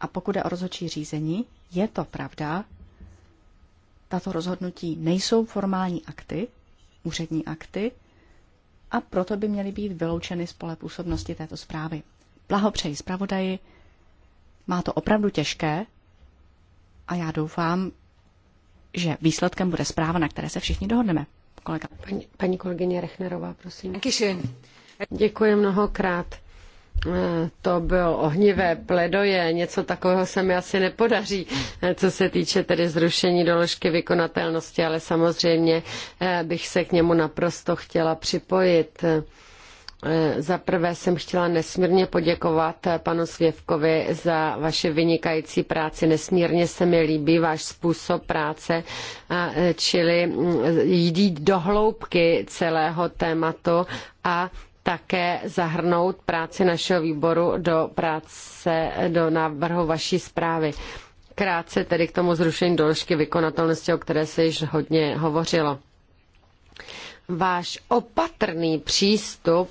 A pokud je o rozhodčí řízení, je to pravda, tato rozhodnutí nejsou formální akty, úřední akty, a proto by měly být vyloučeny z pole působnosti této zprávy. Blahopřeji zpravodaji, má to opravdu těžké a já doufám, že výsledkem bude zpráva, na které se všichni dohodneme. Kolega. Paní, paní kolegyně Rechnerová, prosím. Děkuji. Děkuji mnohokrát. To bylo ohnivé pledoje, něco takového se mi asi nepodaří, co se týče tedy zrušení doložky vykonatelnosti, ale samozřejmě eh, bych se k němu naprosto chtěla připojit. Eh, za prvé jsem chtěla nesmírně poděkovat eh, panu Svěvkovi za vaše vynikající práci. Nesmírně se mi líbí váš způsob práce, čili mm, jít do hloubky celého tématu a také zahrnout práci našeho výboru do práce, do návrhu vaší zprávy. Krátce tedy k tomu zrušení doložky vykonatelnosti, o které se již hodně hovořilo. Váš opatrný přístup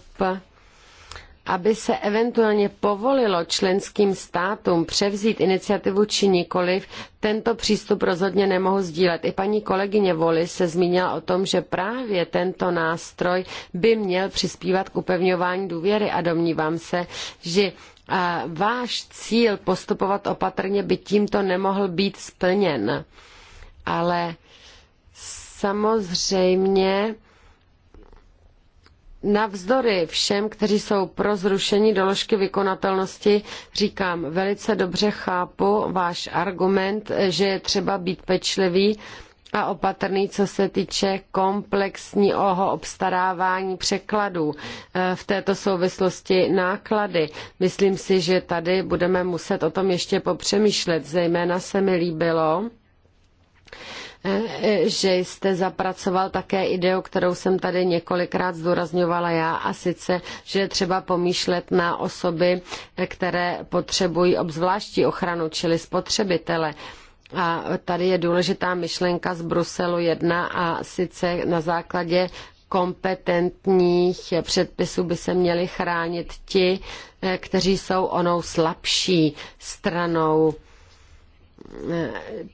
aby se eventuálně povolilo členským státům převzít iniciativu či nikoliv, tento přístup rozhodně nemohu sdílet. I paní kolegyně Voli se zmínila o tom, že právě tento nástroj by měl přispívat k upevňování důvěry a domnívám se, že váš cíl postupovat opatrně by tímto nemohl být splněn. Ale samozřejmě Navzdory všem, kteří jsou pro zrušení doložky vykonatelnosti, říkám, velice dobře chápu váš argument, že je třeba být pečlivý a opatrný, co se týče komplexního obstarávání překladů. Eh, v této souvislosti náklady. Myslím si, že tady budeme muset o tom ještě popřemýšlet. Zejména se mi líbilo, Eh, eh, že jste zapracoval také ideu, kterou jsem tady několikrát zdůrazňovala já, a sice, že je třeba pomýšlet na osoby, eh, které potřebují obzvláští ochranu, čili spotřebitele. A tady je důležitá myšlenka z Bruselu 1 a sice na základě kompetentních předpisů by se měli chránit ti, kteří jsou onou slabší stranou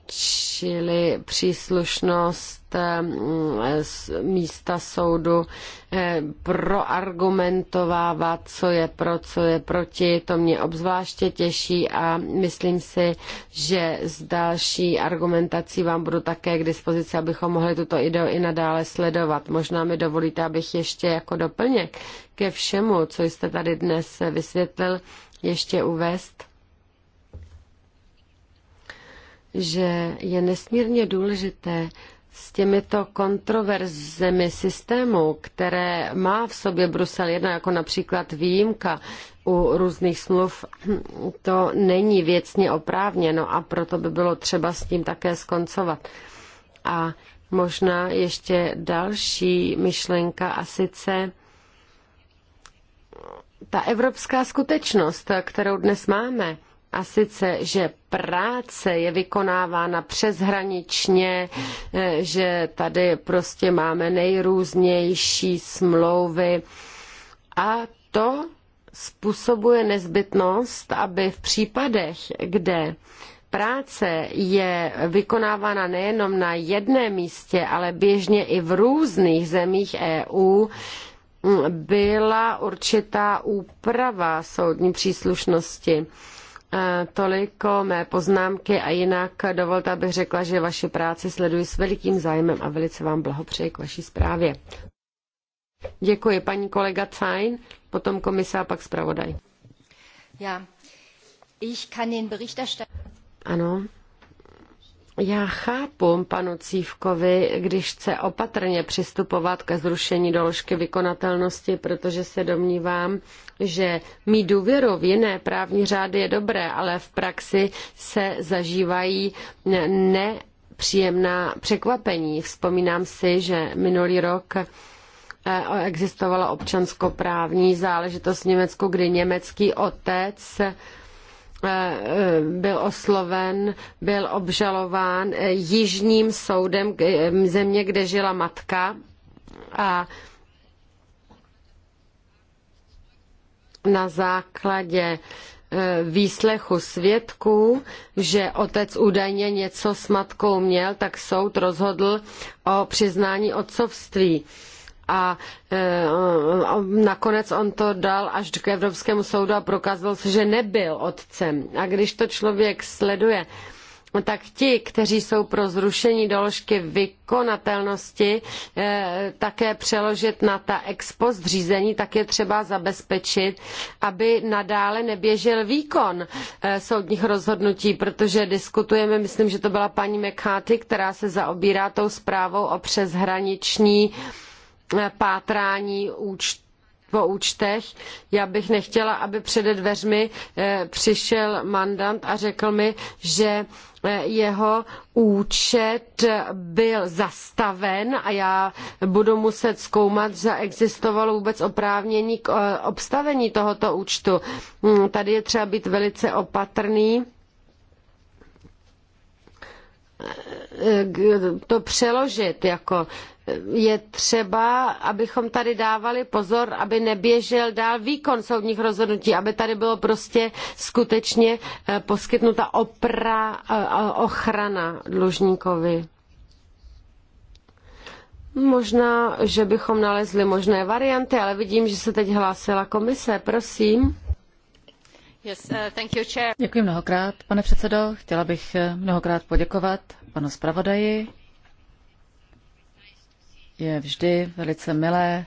čili příslušnost eh, místa soudu eh, proargumentovávat, co je pro, co je proti. To mě obzvláště těší a myslím si, že s další argumentací vám budu také k dispozici, abychom mohli tuto ideu i nadále sledovat. Možná mi dovolíte, abych ještě jako doplněk ke všemu, co jste tady dnes vysvětlil, ještě uvést že je nesmírně důležité s těmito kontroverzemi systému, které má v sobě Brusel 1, jako například výjimka u různých smluv, to není věcně oprávněno a proto by bylo třeba s tím také skoncovat. A možná ještě další myšlenka a sice ta evropská skutečnost, kterou dnes máme, a sice, že práce je vykonávána přeshraničně, eh, že tady prostě máme nejrůznější smlouvy a to způsobuje nezbytnost, aby v případech, kde práce je vykonávána nejenom na jednom místě, ale běžně i v různých zemích EU, byla určitá úprava soudní příslušnosti Eh, toliko mé poznámky a jinak dovolte, abych řekla, že vaše práci sleduji s velikým zájmem a velice vám blahopřeji k vaší zprávě. Děkuji, paní kolega Cajn, potom komisa a pak zpravodaj. Já. Ich kann den Berichterstatter... Ano. Já chápu panu Cívkovi, když chce opatrně přistupovat ke zrušení doložky vykonatelnosti, protože se domnívám, že mít důvěru v jiné právní řády je dobré, ale v praxi se zažívají nepříjemná překvapení. Vzpomínám si, že minulý rok eh, existovala občanskoprávní záležitost v Německu, kdy německý otec Eh, eh, byl osloven, byl obžalován eh, jižním soudem země, kde žila matka a na základě výslechu svědků, že otec údajně něco s matkou měl, tak soud rozhodl o přiznání otcovství a e, nakonec on to dal až k Evropskému soudu a prokázal se, že nebyl otcem. A když to člověk sleduje, no tak ti, kteří jsou pro zrušení doložky vykonatelnosti, e, také přeložit na ta expost post řízení, tak je třeba zabezpečit, aby nadále neběžel výkon e, soudních rozhodnutí, protože diskutujeme, myslím, že to byla paní McCarthy, která se zaobírá tou zprávou o přeshraniční pátrání účtů po účtech. Já bych nechtěla, aby přede dveřmi eh, přišel mandant a řekl mi, že eh, jeho účet byl zastaven a já budu muset zkoumat, zda existovalo vůbec oprávnění k eh, obstavení tohoto účtu. Mm, tady je třeba být velice opatrný Eh, to přeložit jako eh, je třeba, abychom tady dávali pozor, aby neběžel dál výkon soudních rozhodnutí, aby tady bylo prostě skutečně eh, poskytnuta opra, ochrana dlužníkovi. Možná, že bychom nalezli možné varianty, ale vidím, že se teď hlásila komise. Prosím. Uh, Děkuji mnohokrát, pane předsedo. Chtěla bych eh, mnohokrát poděkovat panu zpravodaji. Je vždy velice milé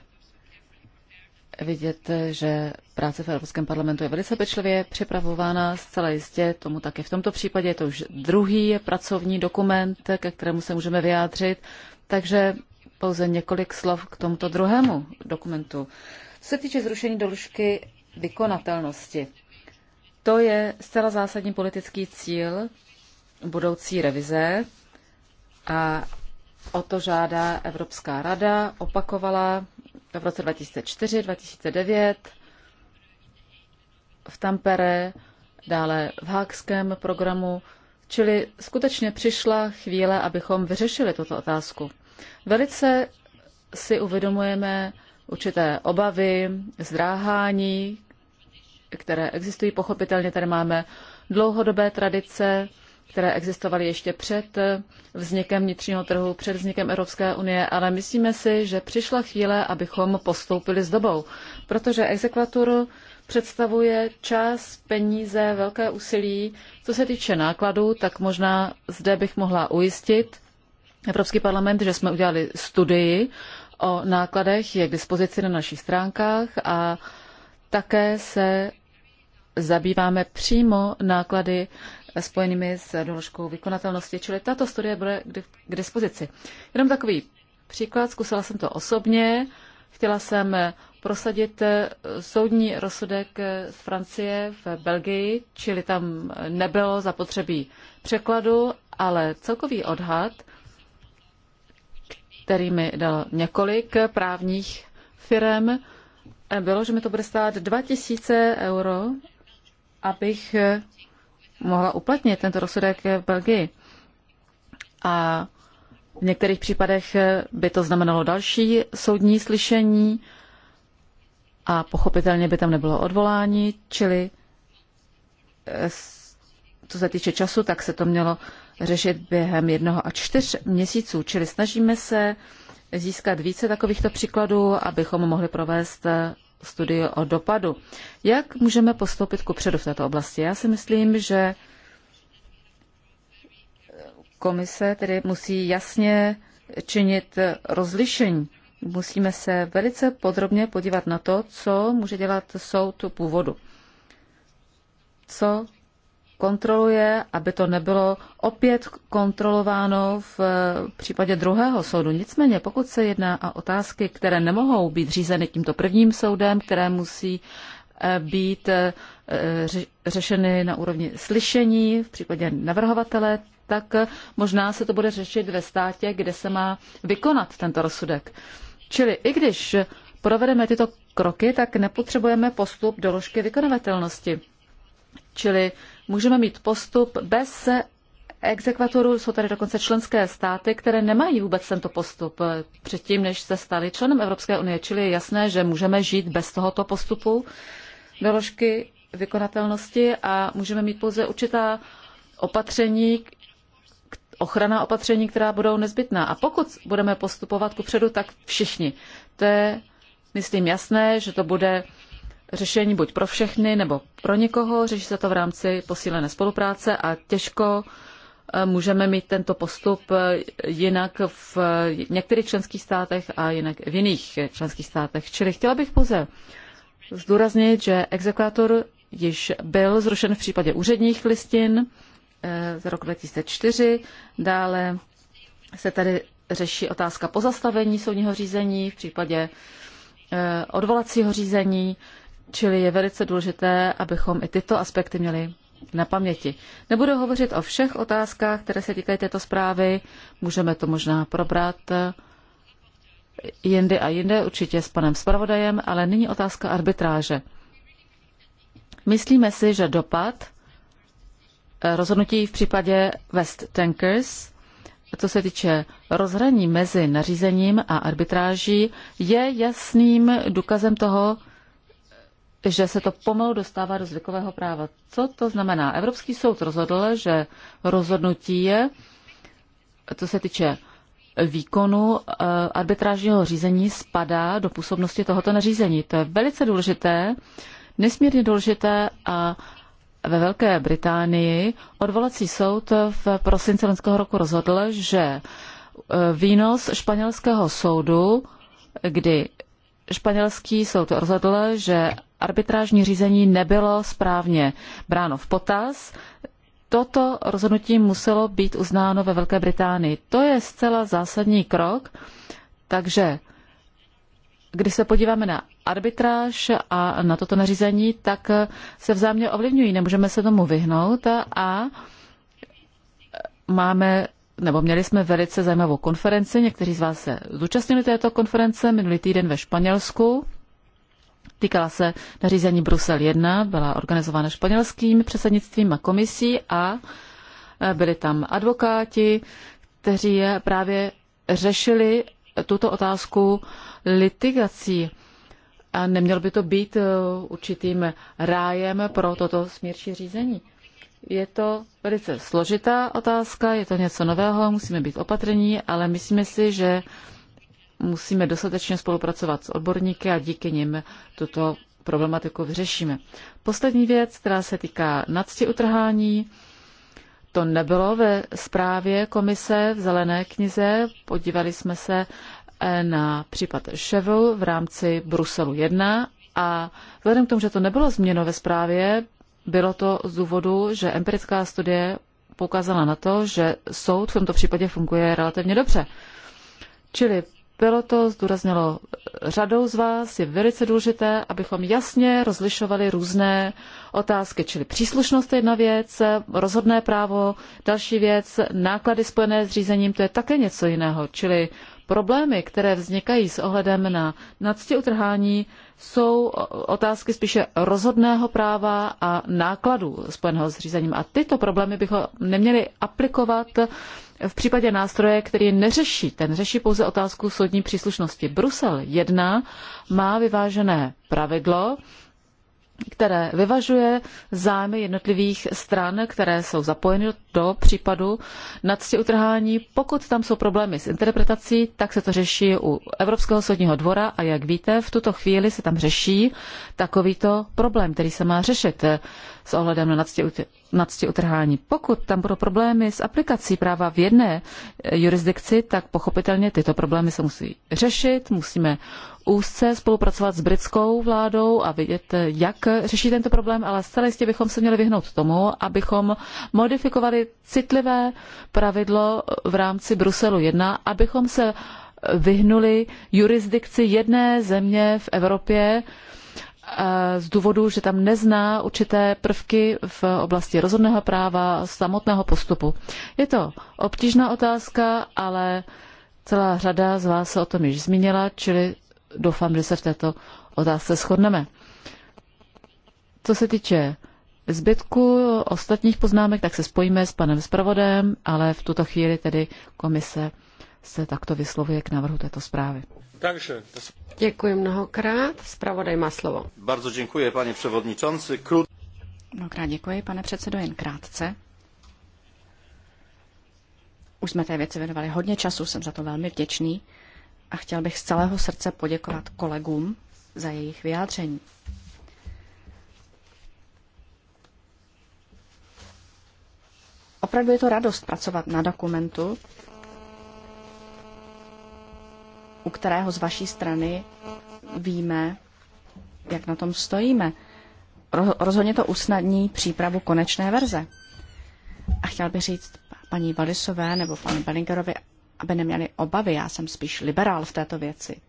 vidět, že práce v Evropském parlamentu je velice pečlivě připravována, zcela jistě tomu také v tomto případě. Je to už druhý pracovní dokument, ke kterému se můžeme vyjádřit, takže pouze několik slov k tomuto druhému dokumentu. Co se týče zrušení doložky vykonatelnosti, to je zcela zásadní politický cíl budoucí revize a o to žádá Evropská rada, opakovala v roce 2004, 2009 v Tampere, dále v Hákském programu, čili skutečně přišla chvíle, abychom vyřešili tuto otázku. Velice si uvědomujeme určité obavy, zdráhání, které existují. Pochopitelně tady máme dlouhodobé tradice, které existovaly ještě před vznikem vnitřního trhu, před vznikem Evropské unie, ale myslíme si, že přišla chvíle, abychom postoupili s dobou, protože exekvaturu představuje čas, peníze, velké úsilí. Co se týče nákladů, tak možná zde bych mohla ujistit Evropský parlament, že jsme udělali studii o nákladech, je k dispozici na našich stránkách a také se zabýváme přímo náklady spojenými s doložkou vykonatelnosti, čili tato studie bude k dispozici. Jenom takový příklad, zkusila jsem to osobně, chtěla jsem prosadit soudní rozsudek z Francie v Belgii, čili tam nebylo zapotřebí překladu, ale celkový odhad, který mi dal několik právních firm, bylo, že mi to bude stát 2000 euro abych eh, mohla uplatnit tento rozsudek v Belgii. A v některých případech eh, by to znamenalo další soudní slyšení a pochopitelně by tam nebylo odvolání, čili eh, co se týče času, tak se to mělo řešit během jednoho a čtyř měsíců, čili snažíme se získat více takovýchto příkladů, abychom mohli provést studii o dopadu. Jak můžeme postoupit ku předu v této oblasti? Já si myslím, že komise tedy musí jasně činit rozlišení. Musíme se velice podrobně podívat na to, co může dělat soud původu. Co kontroluje, aby to nebylo opět kontrolováno v eh, případě druhého soudu. Nicméně, pokud se jedná o otázky, které nemohou být řízeny tímto prvním soudem, které musí eh, být eh, řešeny na úrovni slyšení v případě navrhovatele, tak možná se to bude řešit ve státě, kde se má vykonat tento rozsudek. Čili i když provedeme tyto kroky, tak nepotřebujeme postup doložky vykonavatelnosti. Čili můžeme mít postup bez exekvatoru. Jsou tady dokonce členské státy, které nemají vůbec tento postup předtím, než se stali členem Evropské unie. Čili je jasné, že můžeme žít bez tohoto postupu doložky vykonatelnosti a můžeme mít pouze určitá opatření, ochrana opatření, která budou nezbytná. A pokud budeme postupovat kupředu, tak všichni. To je, myslím, jasné, že to bude řešení buď pro všechny nebo pro někoho. Řeší se to v rámci posílené spolupráce a těžko eh, můžeme mít tento postup eh, jinak v některých členských státech a jinak v jiných členských státech. Čili chtěla bych pouze zdůraznit, že exekutor již byl zrušen v případě úředních listin eh, z roku 2004. Dále se tady řeší otázka pozastavení soudního řízení v případě odvolacího řízení. Čili je velice důležité, abychom i tyto aspekty měli na paměti. Nebudu hovořit o všech otázkách, které se týkají této zprávy. Můžeme to možná probrat jindy a jinde, určitě s panem zpravodajem, ale nyní otázka arbitráže. Myslíme si, že dopad eh, rozhodnutí v případě West Tankers, co se týče rozhraní mezi nařízením a arbitráží, je jasným důkazem toho, že se to pomalu dostává do zvykového práva. Co to znamená? Evropský soud rozhodl, že rozhodnutí je, co se týče výkonu eh, arbitrážního řízení, spadá do působnosti tohoto nařízení. To je velice důležité, nesmírně důležité a ve Velké Británii odvolací soud v prosinci loňského roku rozhodl, že eh, výnos španělského soudu, kdy španělský soud rozhodl, že arbitrážní řízení nebylo správně bráno v potaz. Toto rozhodnutí muselo být uznáno ve Velké Británii. To je zcela zásadní krok, takže když se podíváme na arbitráž a na toto nařízení, tak se vzájemně ovlivňují, nemůžeme se tomu vyhnout a máme nebo měli jsme velice zajímavou konferenci, někteří z vás se zúčastnili této konference minulý týden ve Španělsku Týkala se nařízení Brusel 1, byla organizována španělským předsednictvím a komisí a e, byli tam advokáti, kteří e, právě řešili tuto otázku litigací. A nemělo by to být e, určitým rájem pro toto smírčí řízení. Je to velice složitá otázka, je to něco nového, musíme být opatrní, ale myslíme si, že musíme dostatečně spolupracovat s odborníky a díky nim tuto problematiku vyřešíme. Poslední věc, která se týká nadsti utrhání, to nebylo ve zprávě komise v Zelené knize. Podívali jsme se eh, na případ ševel v rámci Bruselu 1 a vzhledem k tomu, že to nebylo změno ve zprávě, bylo to z důvodu, že empirická studie poukázala na to, že soud v tomto případě funguje relativně dobře. Čili bylo to zdůraznilo řadou z vás, je velice důležité, abychom jasně rozlišovali různé otázky, čili příslušnost je jedna věc, rozhodné právo, další věc, náklady spojené s řízením, to je také něco jiného, čili problémy, které vznikají s ohledem na nadstě utrhání, jsou otázky spíše rozhodného práva a nákladů spojeného s řízením. A tyto problémy bychom neměli aplikovat v případě nástroje, který neřeší, ten řeší pouze otázku soudní příslušnosti. Brusel 1 má vyvážené pravidlo, které vyvažuje zájmy jednotlivých stran, které jsou zapojeny do případu nadsti utrhání. Pokud tam jsou problémy s interpretací, tak se to řeší u Evropského soudního dvora a jak víte, v tuto chvíli se tam řeší takovýto problém, který se má řešit s ohledem na nadstě, utrhání. Pokud tam budou problémy s aplikací práva v jedné eh, jurisdikci, tak pochopitelně tyto problémy se musí řešit, musíme úzce spolupracovat s britskou vládou a vidět, eh, jak řeší tento problém, ale zcela jistě bychom se měli vyhnout tomu, abychom modifikovali citlivé pravidlo v rámci Bruselu 1, abychom se eh, vyhnuli jurisdikci jedné země v Evropě, z důvodu, že tam nezná určité prvky v oblasti rozhodného práva, samotného postupu. Je to obtížná otázka, ale celá řada z vás se o tom již zmínila, čili doufám, že se v této otázce shodneme. Co se týče zbytku ostatních poznámek, tak se spojíme s panem zpravodajem, ale v tuto chvíli tedy komise se takto vyslovuje k návrhu této zprávy. Takže. Děkuji mnohokrát. Spravodaj má slovo. Bardzo děkuji, pane převodničanci. Krut... Mnohokrát děkuji, pane předsedo, jen krátce. Už jsme té věci věnovali hodně času, jsem za to velmi vděčný a chtěl bych z celého srdce poděkovat kolegům za jejich vyjádření. Opravdu je to radost pracovat na dokumentu, u kterého z vaší strany víme, jak na tom stojíme. Rozhodně to usnadní přípravu konečné verze. A chtěl bych říct paní Valisové nebo panu Bellingerovi, aby neměli obavy. Já jsem spíš liberál v této věci.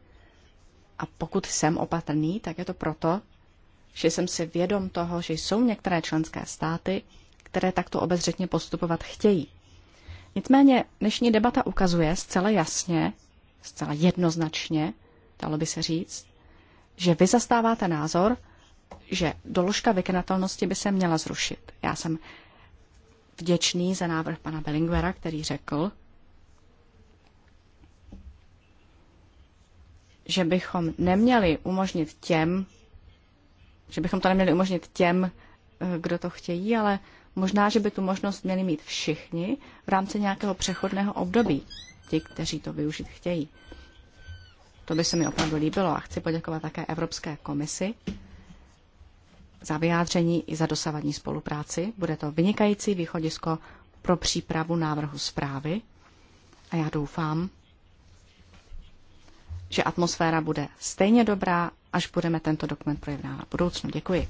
A pokud jsem opatrný, tak je to proto, že jsem si vědom toho, že jsou některé členské státy, které takto obezřetně postupovat chtějí. Nicméně dnešní debata ukazuje zcela jasně, zcela jednoznačně, dalo by se říct, že vy zastáváte názor, že doložka vykonatelnosti by se měla zrušit. Já jsem vděčný za návrh pana Bellingwera, který řekl, že bychom neměli umožnit těm, že bychom to neměli umožnit těm, eh, kdo to chtějí, ale možná, že by tu možnost měli mít všichni v rámci nějakého přechodného období ti, kteří to využít chtějí. To by se mi opravdu líbilo a chci poděkovat také Evropské komisi za vyjádření i za dosavadní spolupráci. Bude to vynikající východisko pro přípravu návrhu zprávy a já doufám, že atmosféra bude stejně dobrá, až budeme tento dokument projednávat v budoucnu. Děkuji.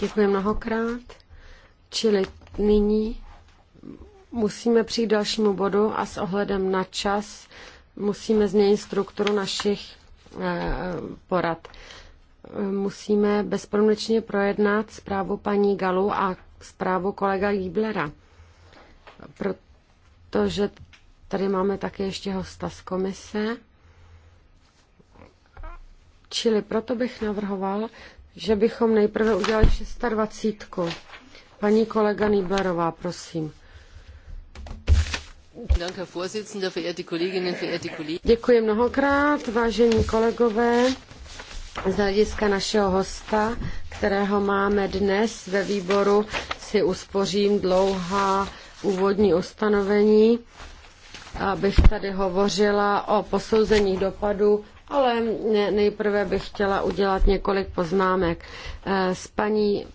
Děkuji mnohokrát. Čili nyní Musíme přijít dalšímu bodu a s ohledem na čas musíme změnit strukturu našich eh, porad. Eh, musíme bezpromlečně projednat zprávu paní Galu a zprávu kolega Gíblera, protože tady máme také ještě hosta z komise. Čili proto bych navrhoval, že bychom nejprve udělali 26. Paní kolega Nýblerová, prosím. Děkuji mnohokrát, vážení kolegové. Z hlediska našeho hosta, kterého máme dnes ve výboru, si uspořím dlouhá úvodní ustanovení, abych tady hovořila o posouzení dopadu, ale nejprve bych chtěla udělat několik poznámek. Eh, s paní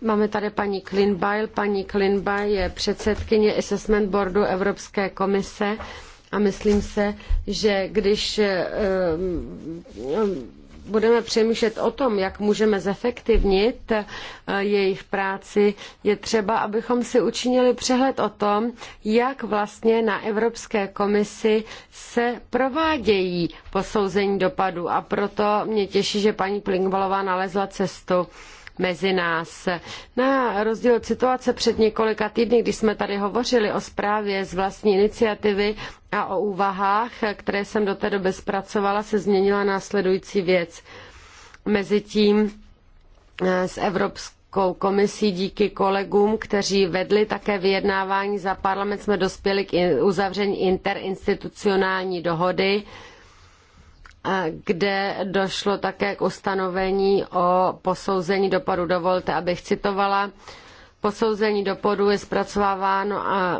Máme tady paní Klinbajl. Paní Klinbajl je předsedkyně Assessment Boardu Evropské komise a myslím se, že když eh, eh, budeme přemýšlet o tom, jak můžeme zefektivnit eh, jejich práci, je třeba, abychom si učinili přehled o tom, jak vlastně na Evropské komisi se provádějí posouzení dopadu. A proto mě těší, že paní Plingbalová nalezla cestu mezi nás. Na rozdíl od situace před několika týdny, kdy jsme tady hovořili o zprávě z vlastní iniciativy a o úvahách, které jsem do té doby zpracovala, se změnila následující věc. Mezitím eh, s Evropskou Evropskou komisí díky kolegům, kteří vedli také vyjednávání za parlament, jsme dospěli k uzavření interinstitucionální dohody, kde došlo také k ustanovení o posouzení dopadu. Dovolte, abych citovala. Posouzení dopadu je zpracováváno a,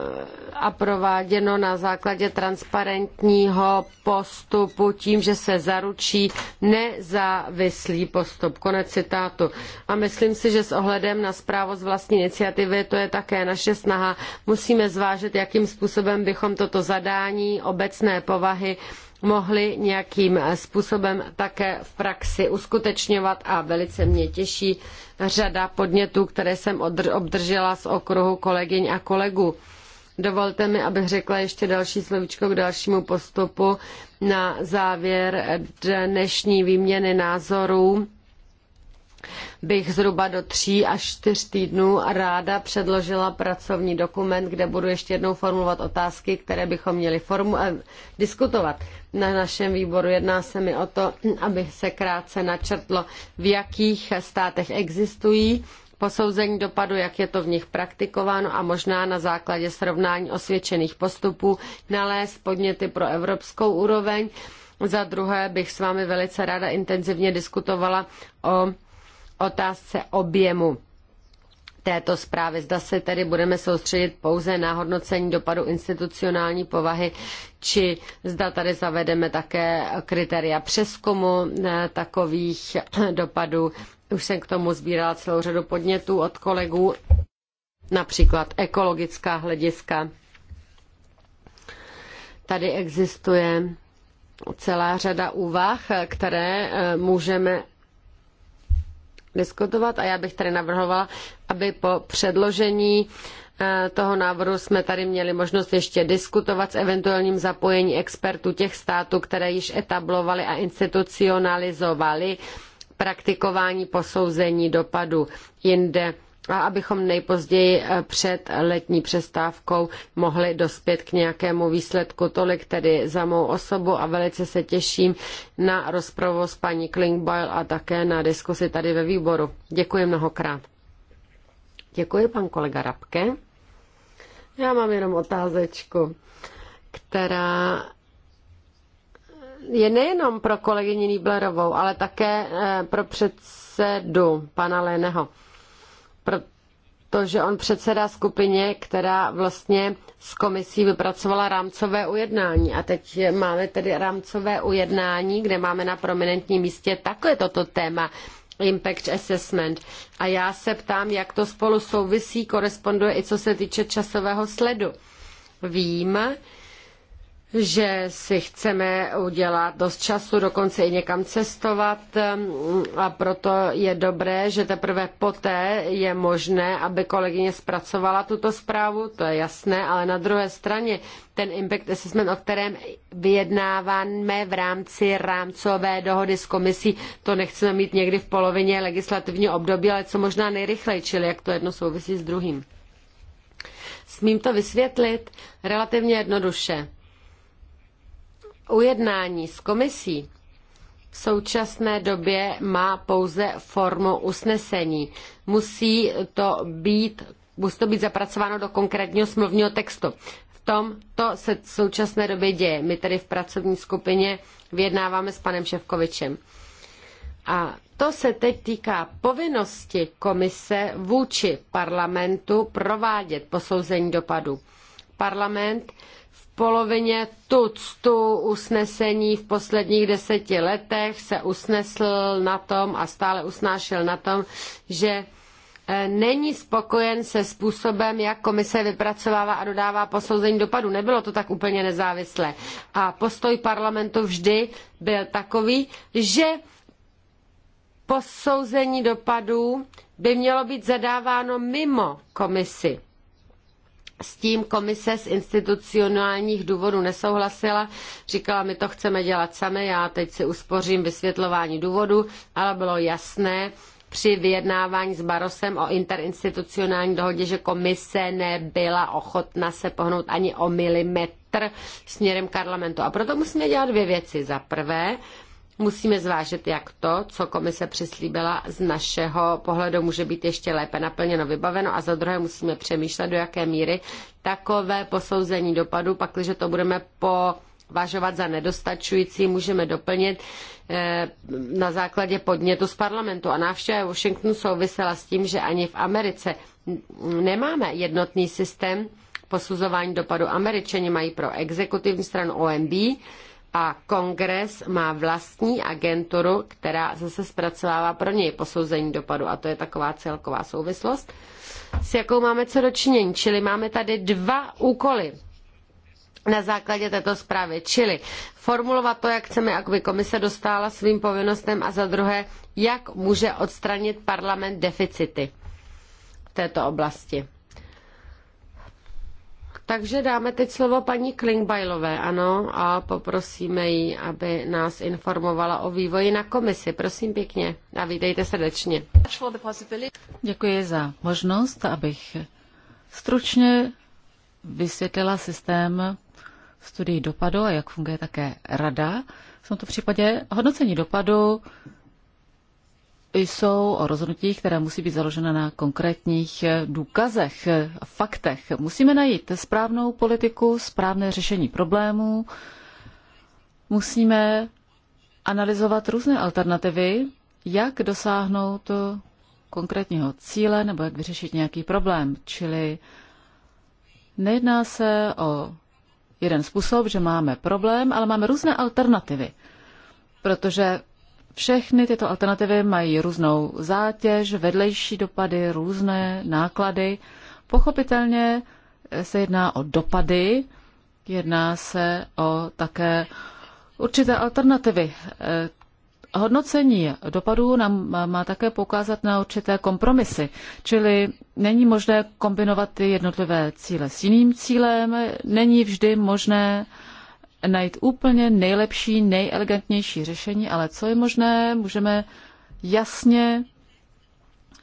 a prováděno na základě transparentního postupu tím, že se zaručí nezávislý postup. Konec citátu. A myslím si, že s ohledem na zprávu z vlastní iniciativy, to je také naše snaha, musíme zvážit, jakým způsobem bychom toto zadání obecné povahy mohli nějakým způsobem také v praxi uskutečňovat a velice mě těší řada podnětů, které jsem obdržela z okruhu kolegyň a kolegů. Dovolte mi, abych řekla ještě další slovíčko k dalšímu postupu na závěr dnešní výměny názorů bych zhruba do tří až čtyř týdnů ráda předložila pracovní dokument, kde budu ještě jednou formulovat otázky, které bychom měli formu- eh, diskutovat na našem výboru. Jedná se mi o to, aby se krátce načrtlo, v jakých státech existují posouzení dopadu, jak je to v nich praktikováno a možná na základě srovnání osvědčených postupů nalézt podněty pro evropskou úroveň. Za druhé bych s vámi velice ráda intenzivně diskutovala o otázce objemu této zprávy. Zda se tedy budeme soustředit pouze na hodnocení dopadu institucionální povahy, či zda tady zavedeme také kritéria přeskumu eh, takových eh, dopadů. Už jsem k tomu sbírala celou řadu podnětů od kolegů, například ekologická hlediska. Tady existuje celá řada úvah, které eh, můžeme diskutovat a já bych tady navrhovala, aby po předložení eh, toho návrhu jsme tady měli možnost ještě diskutovat s eventuálním zapojením expertů těch států, které již etablovaly a institucionalizovaly praktikování posouzení dopadu jinde a abychom nejpozději eh, před letní přestávkou mohli dospět k nějakému výsledku. Tolik tedy za mou osobu a velice se těším na rozpravu s paní Klingbeil a také na diskusi tady ve výboru. Děkuji mnohokrát. Děkuji, pan kolega Rabke. Já mám jenom otázečku, která je nejenom pro kolegyni Niblerovou ale také eh, pro předsedu pana Léneho protože on předsedá skupině, která vlastně s komisí vypracovala rámcové ujednání. A teď máme tedy rámcové ujednání, kde máme na prominentním místě takové toto téma impact assessment. A já se ptám, jak to spolu souvisí, koresponduje i co se týče časového sledu. Vím, že si chceme udělat dost času, dokonce i někam cestovat a proto je dobré, že teprve poté je možné, aby kolegyně zpracovala tuto zprávu, to je jasné, ale na druhé straně ten impact assessment, o kterém vyjednáváme v rámci rámcové dohody s komisí, to nechceme mít někdy v polovině legislativního období, ale co možná nejrychleji, čili jak to jedno souvisí s druhým. Smím to vysvětlit relativně jednoduše ujednání s komisí v současné době má pouze formu usnesení. Musí to být, musí to být zapracováno do konkrétního smluvního textu. V tom to se v současné době děje. My tedy v pracovní skupině vyjednáváme s panem Ševkovičem. A to se teď týká povinnosti komise vůči parlamentu provádět posouzení dopadu. Parlament polovině tuctu usnesení v posledních deseti letech se usnesl na tom a stále usnášel na tom, že eh, není spokojen se způsobem, jak komise vypracovává a dodává posouzení dopadu. Nebylo to tak úplně nezávislé. A postoj parlamentu vždy byl takový, že posouzení dopadů by mělo být zadáváno mimo komisi s tím komise z institucionálních důvodů nesouhlasila, říkala, my to chceme dělat sami, já teď si uspořím vysvětlování důvodu, ale bylo jasné, při vyjednávání s Barosem o interinstitucionální dohodě, že komise nebyla ochotna se pohnout ani o milimetr směrem k parlamentu. A proto musíme dělat dvě věci. Za prvé, Musíme zvážit, jak to, co komise přislíbila z našeho pohledu, může být ještě lépe naplněno, vybaveno a za druhé musíme přemýšlet, do jaké míry takové posouzení dopadu, pakliže to budeme po vážovat za nedostačující, můžeme doplnit eh, na základě podnětu z parlamentu. A návštěva Washingtonu souvisela s tím, že ani v Americe nemáme jednotný systém posuzování dopadu. Američani mají pro exekutivní stranu OMB, a kongres má vlastní agenturu, která zase zpracovává pro něj posouzení dopadu a to je taková celková souvislost, s jakou máme co dočinění. Čili máme tady dva úkoly na základě této zprávy, čili formulovat to, jak chceme, aby komise dostála svým povinnostem a za druhé, jak může odstranit parlament deficity v této oblasti. Takže dáme teď slovo paní Klingbajlové, ano, a poprosíme ji, aby nás informovala o vývoji na komisi. Prosím pěkně a vítejte srdečně. Děkuji za možnost, abych stručně vysvětlila systém studií dopadu a jak funguje také rada. V tomto případě hodnocení dopadu jsou o rozhodnutích, které musí být založena na konkrétních důkazech, faktech. Musíme najít správnou politiku, správné řešení problémů. Musíme analyzovat různé alternativy, jak dosáhnout konkrétního cíle nebo jak vyřešit nějaký problém. Čili nejedná se o jeden způsob, že máme problém, ale máme různé alternativy. Protože všechny tyto alternativy mají různou zátěž, vedlejší dopady, různé náklady. Pochopitelně se jedná o dopady, jedná se o také určité alternativy. Eh, hodnocení dopadů nám má také poukázat na určité kompromisy, čili není možné kombinovat ty jednotlivé cíle s jiným cílem, není vždy možné najít úplně nejlepší, nejelegantnější řešení, ale co je možné, můžeme jasně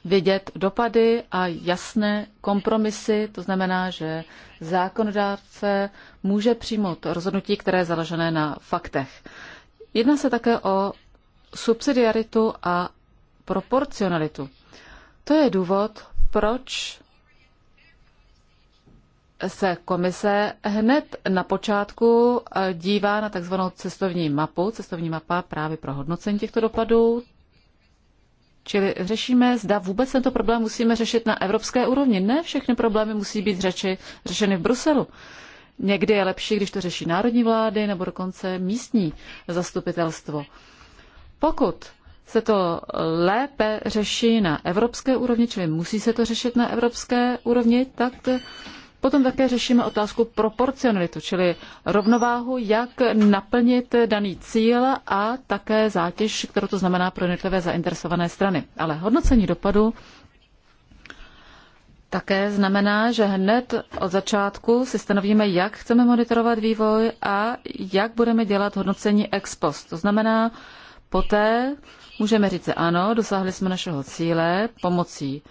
vidět dopady a jasné kompromisy. To znamená, že zákonodárce může přijmout rozhodnutí, které je založené na faktech. Jedná se také o subsidiaritu a proporcionalitu. To je důvod, proč se komise hned na počátku eh, dívá na takzvanou cestovní mapu, cestovní mapa právě pro hodnocení těchto dopadů. Čili řešíme, zda vůbec tento problém musíme řešit na evropské úrovni. Ne všechny problémy musí být řeči, řešeny v Bruselu. Někdy je lepší, když to řeší národní vlády nebo dokonce místní zastupitelstvo. Pokud se to lépe řeší na evropské úrovni, čili musí se to řešit na evropské úrovni, tak Potom také řešíme otázku proporcionalitu, čili rovnováhu, jak naplnit daný cíl a také zátěž, kterou to znamená pro jednotlivé zainteresované strany. Ale hodnocení dopadu také znamená, že hned od začátku si stanovíme, jak chceme monitorovat vývoj a jak budeme dělat hodnocení ex post. To znamená, poté můžeme říct, ano, dosáhli jsme našeho cíle pomocí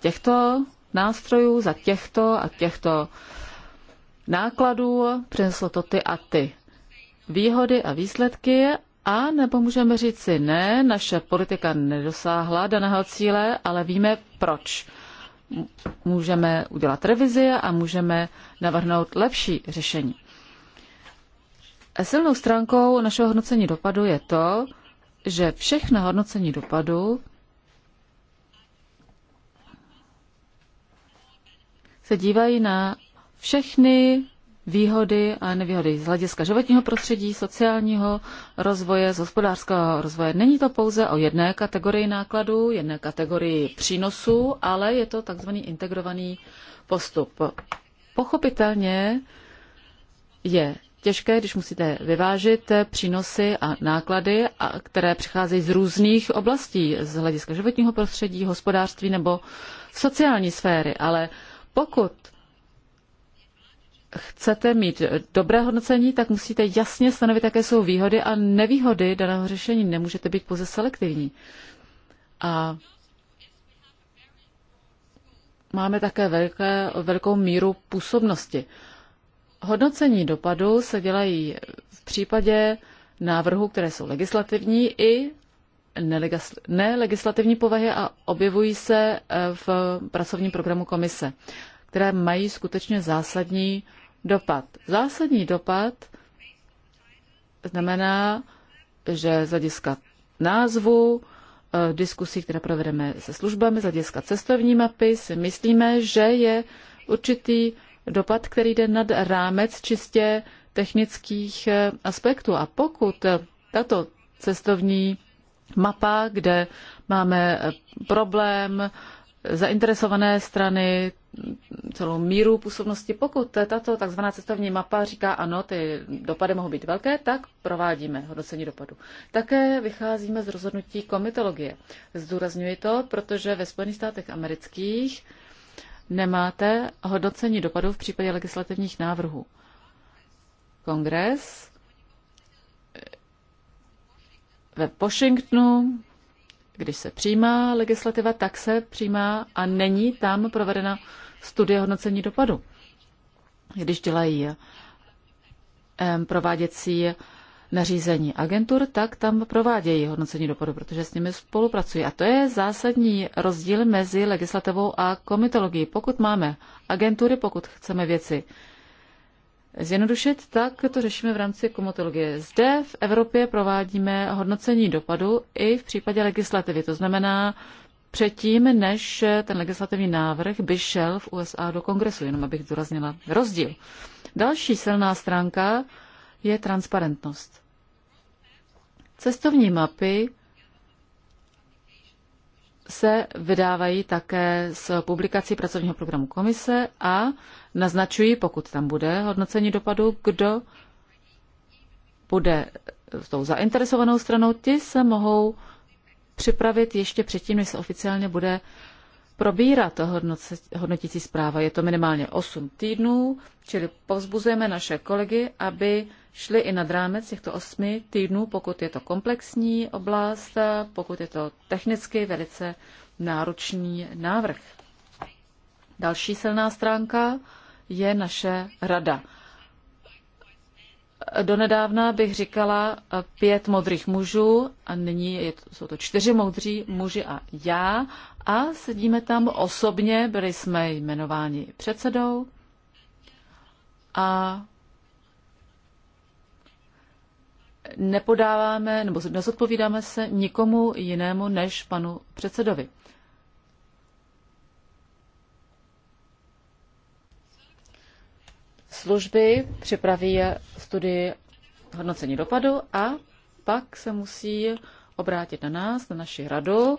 těchto nástrojů za těchto a těchto nákladů, přineslo to ty a ty výhody a výsledky, a nebo můžeme říct si ne, naše politika nedosáhla daného cíle, ale víme proč. Můžeme udělat revizi a můžeme navrhnout lepší řešení. Silnou stránkou našeho hodnocení dopadu je to, že všechna hodnocení dopadu se dívají na všechny výhody a nevýhody z hlediska životního prostředí, sociálního rozvoje, z hospodářského rozvoje. Není to pouze o jedné kategorii nákladů, jedné kategorii přínosů, ale je to takzvaný integrovaný postup. Pochopitelně je těžké, když musíte vyvážit přínosy a náklady, a které přicházejí z různých oblastí, z hlediska životního prostředí, hospodářství nebo sociální sféry, ale pokud chcete mít dobré hodnocení, tak musíte jasně stanovit, jaké jsou výhody a nevýhody daného řešení. Nemůžete být pouze selektivní. A máme také velké, velkou míru působnosti. Hodnocení dopadu se dělají v případě návrhů, které jsou legislativní i nelegislativní povahy a objevují se eh, v pracovním programu komise, které mají skutečně zásadní dopad. Zásadní dopad znamená, že z hlediska názvu, eh, diskusí, které provedeme se službami, z hlediska cestovní mapy, si myslíme, že je určitý dopad, který jde nad rámec čistě technických eh, aspektů. A pokud tato cestovní mapa, kde máme problém, zainteresované strany, celou míru působnosti. Pokud tato tzv. cestovní mapa říká ano, ty dopady mohou být velké, tak provádíme hodnocení dopadu. Také vycházíme z rozhodnutí komitologie. Zdůrazňuji to, protože ve Spojených státech amerických nemáte hodnocení dopadu v případě legislativních návrhů. Kongres ve Washingtonu, když se přijímá legislativa, tak se přijímá a není tam provedena studie hodnocení dopadu. Když dělají prováděcí nařízení agentur, tak tam provádějí hodnocení dopadu, protože s nimi spolupracují. A to je zásadní rozdíl mezi legislativou a komitologií. Pokud máme agentury, pokud chceme věci zjednodušit, tak to řešíme v rámci komotologie. Zde v Evropě provádíme hodnocení dopadu i v případě legislativy. To znamená, předtím, než ten legislativní návrh by šel v USA do kongresu, jenom abych zdůraznila rozdíl. Další silná stránka je transparentnost. Cestovní mapy se vydávají také s publikací pracovního programu komise a naznačují, pokud tam bude hodnocení dopadu, kdo bude tou zainteresovanou stranou, ti se mohou připravit ještě předtím, než se oficiálně bude probírat hodnotící zpráva. Je to minimálně 8 týdnů, čili povzbuzujeme naše kolegy, aby šli i nad rámec těchto osmi týdnů, pokud je to komplexní oblast, pokud je to technicky velice náročný návrh. Další silná stránka je naše rada. Donedávna bych říkala pět modrých mužů a nyní je, jsou to čtyři modří muži a já a sedíme tam osobně, byli jsme jmenováni předsedou a nepodáváme nebo nezodpovídáme se nikomu jinému než panu předsedovi. Služby připraví studii hodnocení dopadu a pak se musí obrátit na nás, na naši radu,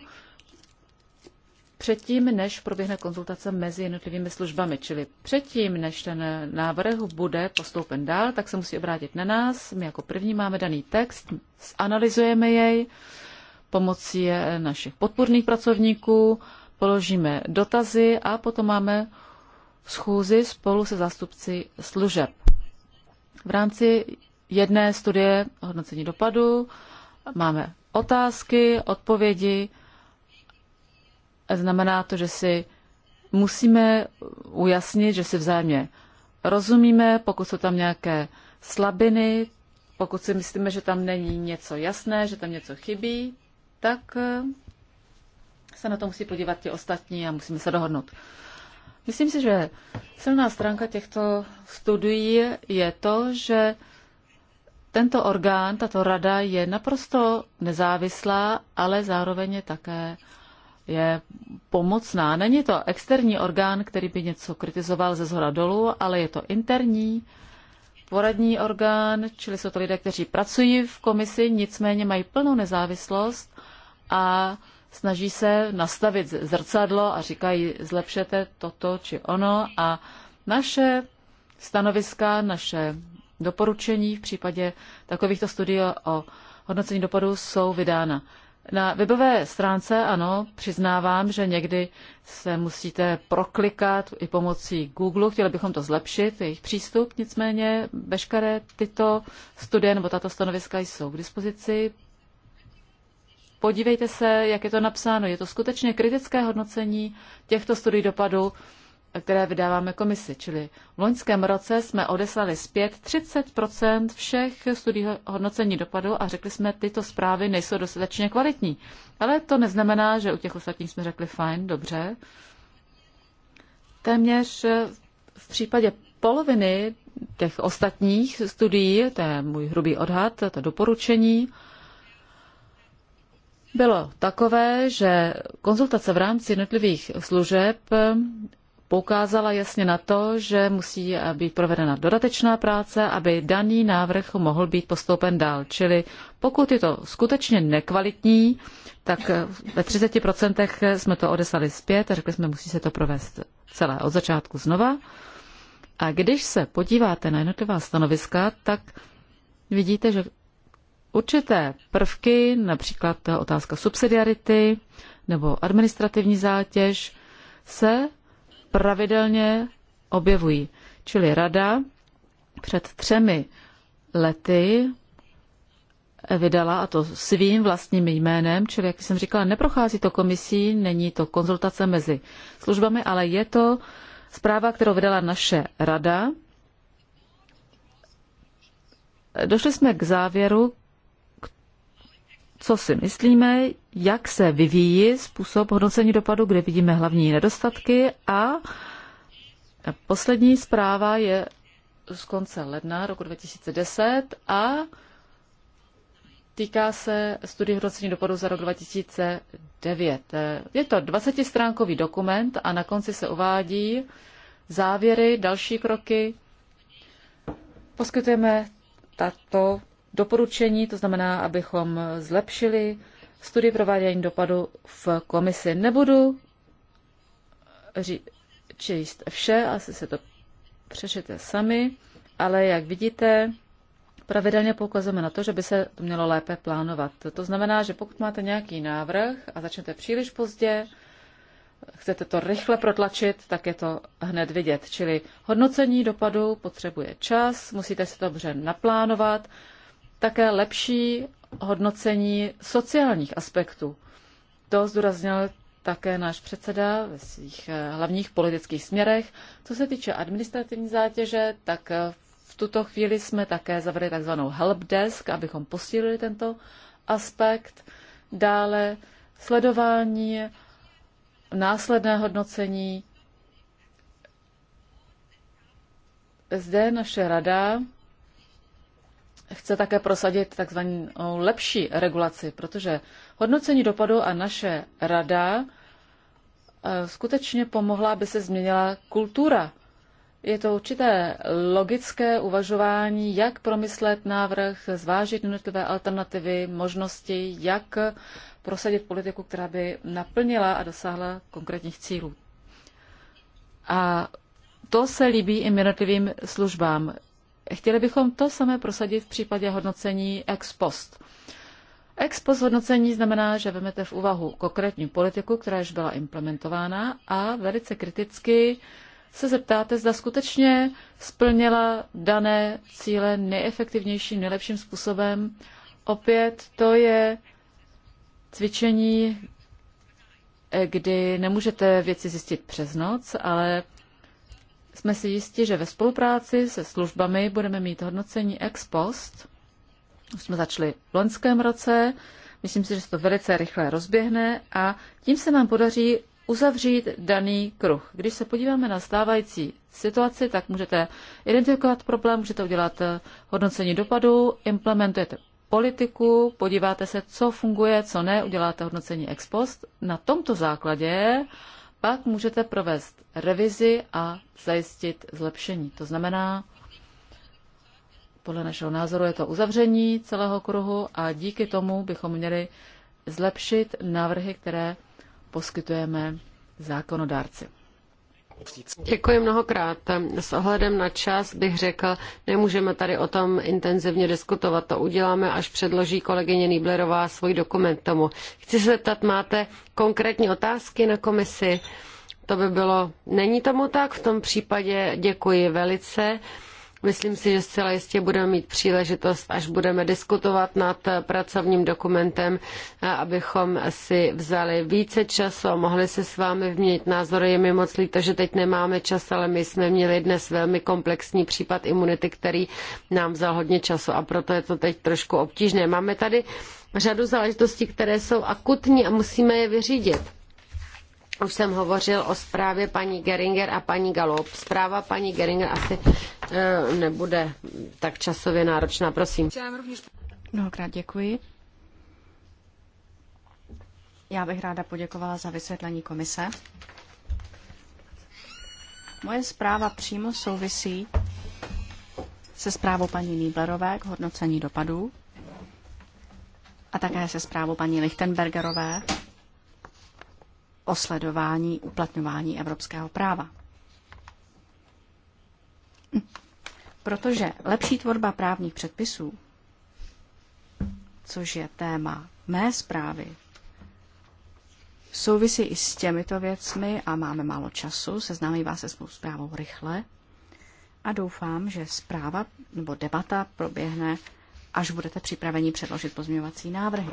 předtím, než proběhne konzultace mezi jednotlivými službami. Čili předtím, než ten návrh bude postoupen dál, tak se musí obrátit na nás. My jako první máme daný text, zanalizujeme jej pomocí našich podporných pracovníků, položíme dotazy a potom máme schůzi spolu se zástupci služeb. V rámci jedné studie hodnocení dopadu máme otázky, odpovědi, Znamená to, že si musíme ujasnit, že si vzájemně rozumíme, pokud jsou tam nějaké slabiny, pokud si myslíme, že tam není něco jasné, že tam něco chybí, tak eh, se na to musí podívat ti ostatní a musíme se dohodnout. Myslím si, že silná stránka těchto studií je to, že tento orgán, tato rada je naprosto nezávislá, ale zároveň je také je pomocná. Není to externí orgán, který by něco kritizoval ze zhora dolů, ale je to interní poradní orgán, čili jsou to lidé, kteří pracují v komisi, nicméně mají plnou nezávislost a snaží se nastavit zrcadlo a říkají, zlepšete toto či ono a naše stanoviska, naše doporučení v případě takovýchto studií o hodnocení dopadů jsou vydána na webové stránce, ano, přiznávám, že někdy se musíte proklikat i pomocí Google, chtěli bychom to zlepšit, jejich přístup, nicméně veškeré tyto studie nebo tato stanoviska jsou k dispozici. Podívejte se, jak je to napsáno. Je to skutečně kritické hodnocení těchto studií dopadu které vydáváme komisi. Čili v loňském roce jsme odeslali zpět 30 všech studií hodnocení dopadu a řekli jsme, tyto zprávy nejsou dostatečně kvalitní. Ale to neznamená, že u těch ostatních jsme řekli fajn, dobře. Téměř v případě poloviny těch ostatních studií, to je můj hrubý odhad, to doporučení, bylo takové, že konzultace v rámci jednotlivých služeb poukázala jasně na to, že musí být provedena dodatečná práce, aby daný návrh mohl být postoupen dál. Čili pokud je to skutečně nekvalitní, tak ve 30% jsme to odeslali zpět a řekli jsme, musí se to provést celé od začátku znova. A když se podíváte na jednotlivá stanoviska, tak vidíte, že určité prvky, například otázka subsidiarity nebo administrativní zátěž, se pravidelně objevují. Čili rada před třemi lety vydala, a to svým vlastním jménem, čili, jak jsem říkala, neprochází to komisí, není to konzultace mezi službami, ale je to zpráva, kterou vydala naše rada. Došli jsme k závěru, co si myslíme, jak se vyvíjí způsob hodnocení dopadu, kde vidíme hlavní nedostatky a poslední zpráva je z konce ledna roku 2010 a týká se studie hodnocení dopadu za rok 2009. Je to 20-stránkový dokument a na konci se uvádí závěry, další kroky. Poskytujeme tato doporučení, to znamená, abychom zlepšili studii provádění dopadu v komisi. Nebudu číst vše, asi se to přečete sami, ale jak vidíte, pravidelně poukazujeme na to, že by se to mělo lépe plánovat. To znamená, že pokud máte nějaký návrh a začnete příliš pozdě, chcete to rychle protlačit, tak je to hned vidět. Čili hodnocení dopadu potřebuje čas, musíte se to dobře naplánovat také lepší hodnocení sociálních aspektů. To zdůraznil také náš předseda ve svých eh, hlavních politických směrech. Co se týče administrativní zátěže, tak eh, v tuto chvíli jsme také zavedli takzvanou helpdesk, abychom posílili tento aspekt. Dále sledování, následné hodnocení. Zde naše rada chce také prosadit takzvanou lepší regulaci, protože hodnocení dopadu a naše rada eh, skutečně pomohla, aby se změnila kultura. Je to určité logické uvažování, jak promyslet návrh, zvážit jednotlivé alternativy, možnosti, jak prosadit politiku, která by naplnila a dosáhla konkrétních cílů. A to se líbí i jednotlivým službám. Chtěli bychom to samé prosadit v případě hodnocení ex post. Ex post hodnocení znamená, že vezmete v úvahu konkrétní politiku, která již byla implementována a velice kriticky se zeptáte, zda skutečně splnila dané cíle nejefektivnějším, nejlepším způsobem. Opět to je cvičení, eh, kdy nemůžete věci zjistit přes noc, ale jsme si jistí, že ve spolupráci se službami budeme mít hodnocení ex post. Už jsme začali v loňském roce, myslím si, že se to velice rychle rozběhne a tím se nám podaří uzavřít daný kruh. Když se podíváme na stávající situaci, tak můžete identifikovat problém, můžete udělat eh, hodnocení dopadu, implementujete politiku, podíváte se, co funguje, co ne, uděláte hodnocení ex post. Na tomto základě pak můžete provést revizi a zajistit zlepšení. To znamená, podle našeho názoru je to uzavření celého kruhu a díky tomu bychom měli zlepšit návrhy, které poskytujeme zákonodárci. Děkuji mnohokrát. S ohledem na čas bych řekl, nemůžeme tady o tom intenzivně diskutovat. To uděláme, až předloží kolegyně Nýblerová svůj dokument tomu. Chci se zeptat, máte konkrétní otázky na komisi? To by bylo. Není tomu tak? V tom případě děkuji velice. Myslím si, že zcela jistě budeme mít příležitost, až budeme diskutovat nad eh, pracovním dokumentem, eh, abychom si vzali více času a mohli se s vámi vměnit názory. Je mi moc líto, že teď nemáme čas, ale my jsme měli dnes velmi komplexní případ imunity, který nám vzal hodně času a proto je to teď trošku obtížné. Máme tady řadu záležitostí, které jsou akutní a musíme je vyřídit už jsem hovořil o zprávě paní Geringer a paní Galop. Zpráva paní Geringer asi e, nebude tak časově náročná, prosím. Mnohokrát děkuji. Já bych ráda poděkovala za vysvětlení komise. Moje zpráva přímo souvisí se zprávou paní Nýblerové k hodnocení dopadů a také se zprávou paní Lichtenbergerové o sledování uplatňování evropského práva. Protože lepší tvorba právních předpisů, což je téma mé zprávy, souvisí i s těmito věcmi a máme málo času, seznámí vás se svou zprávou rychle a doufám, že zpráva nebo debata proběhne, až budete připraveni předložit pozměňovací návrhy.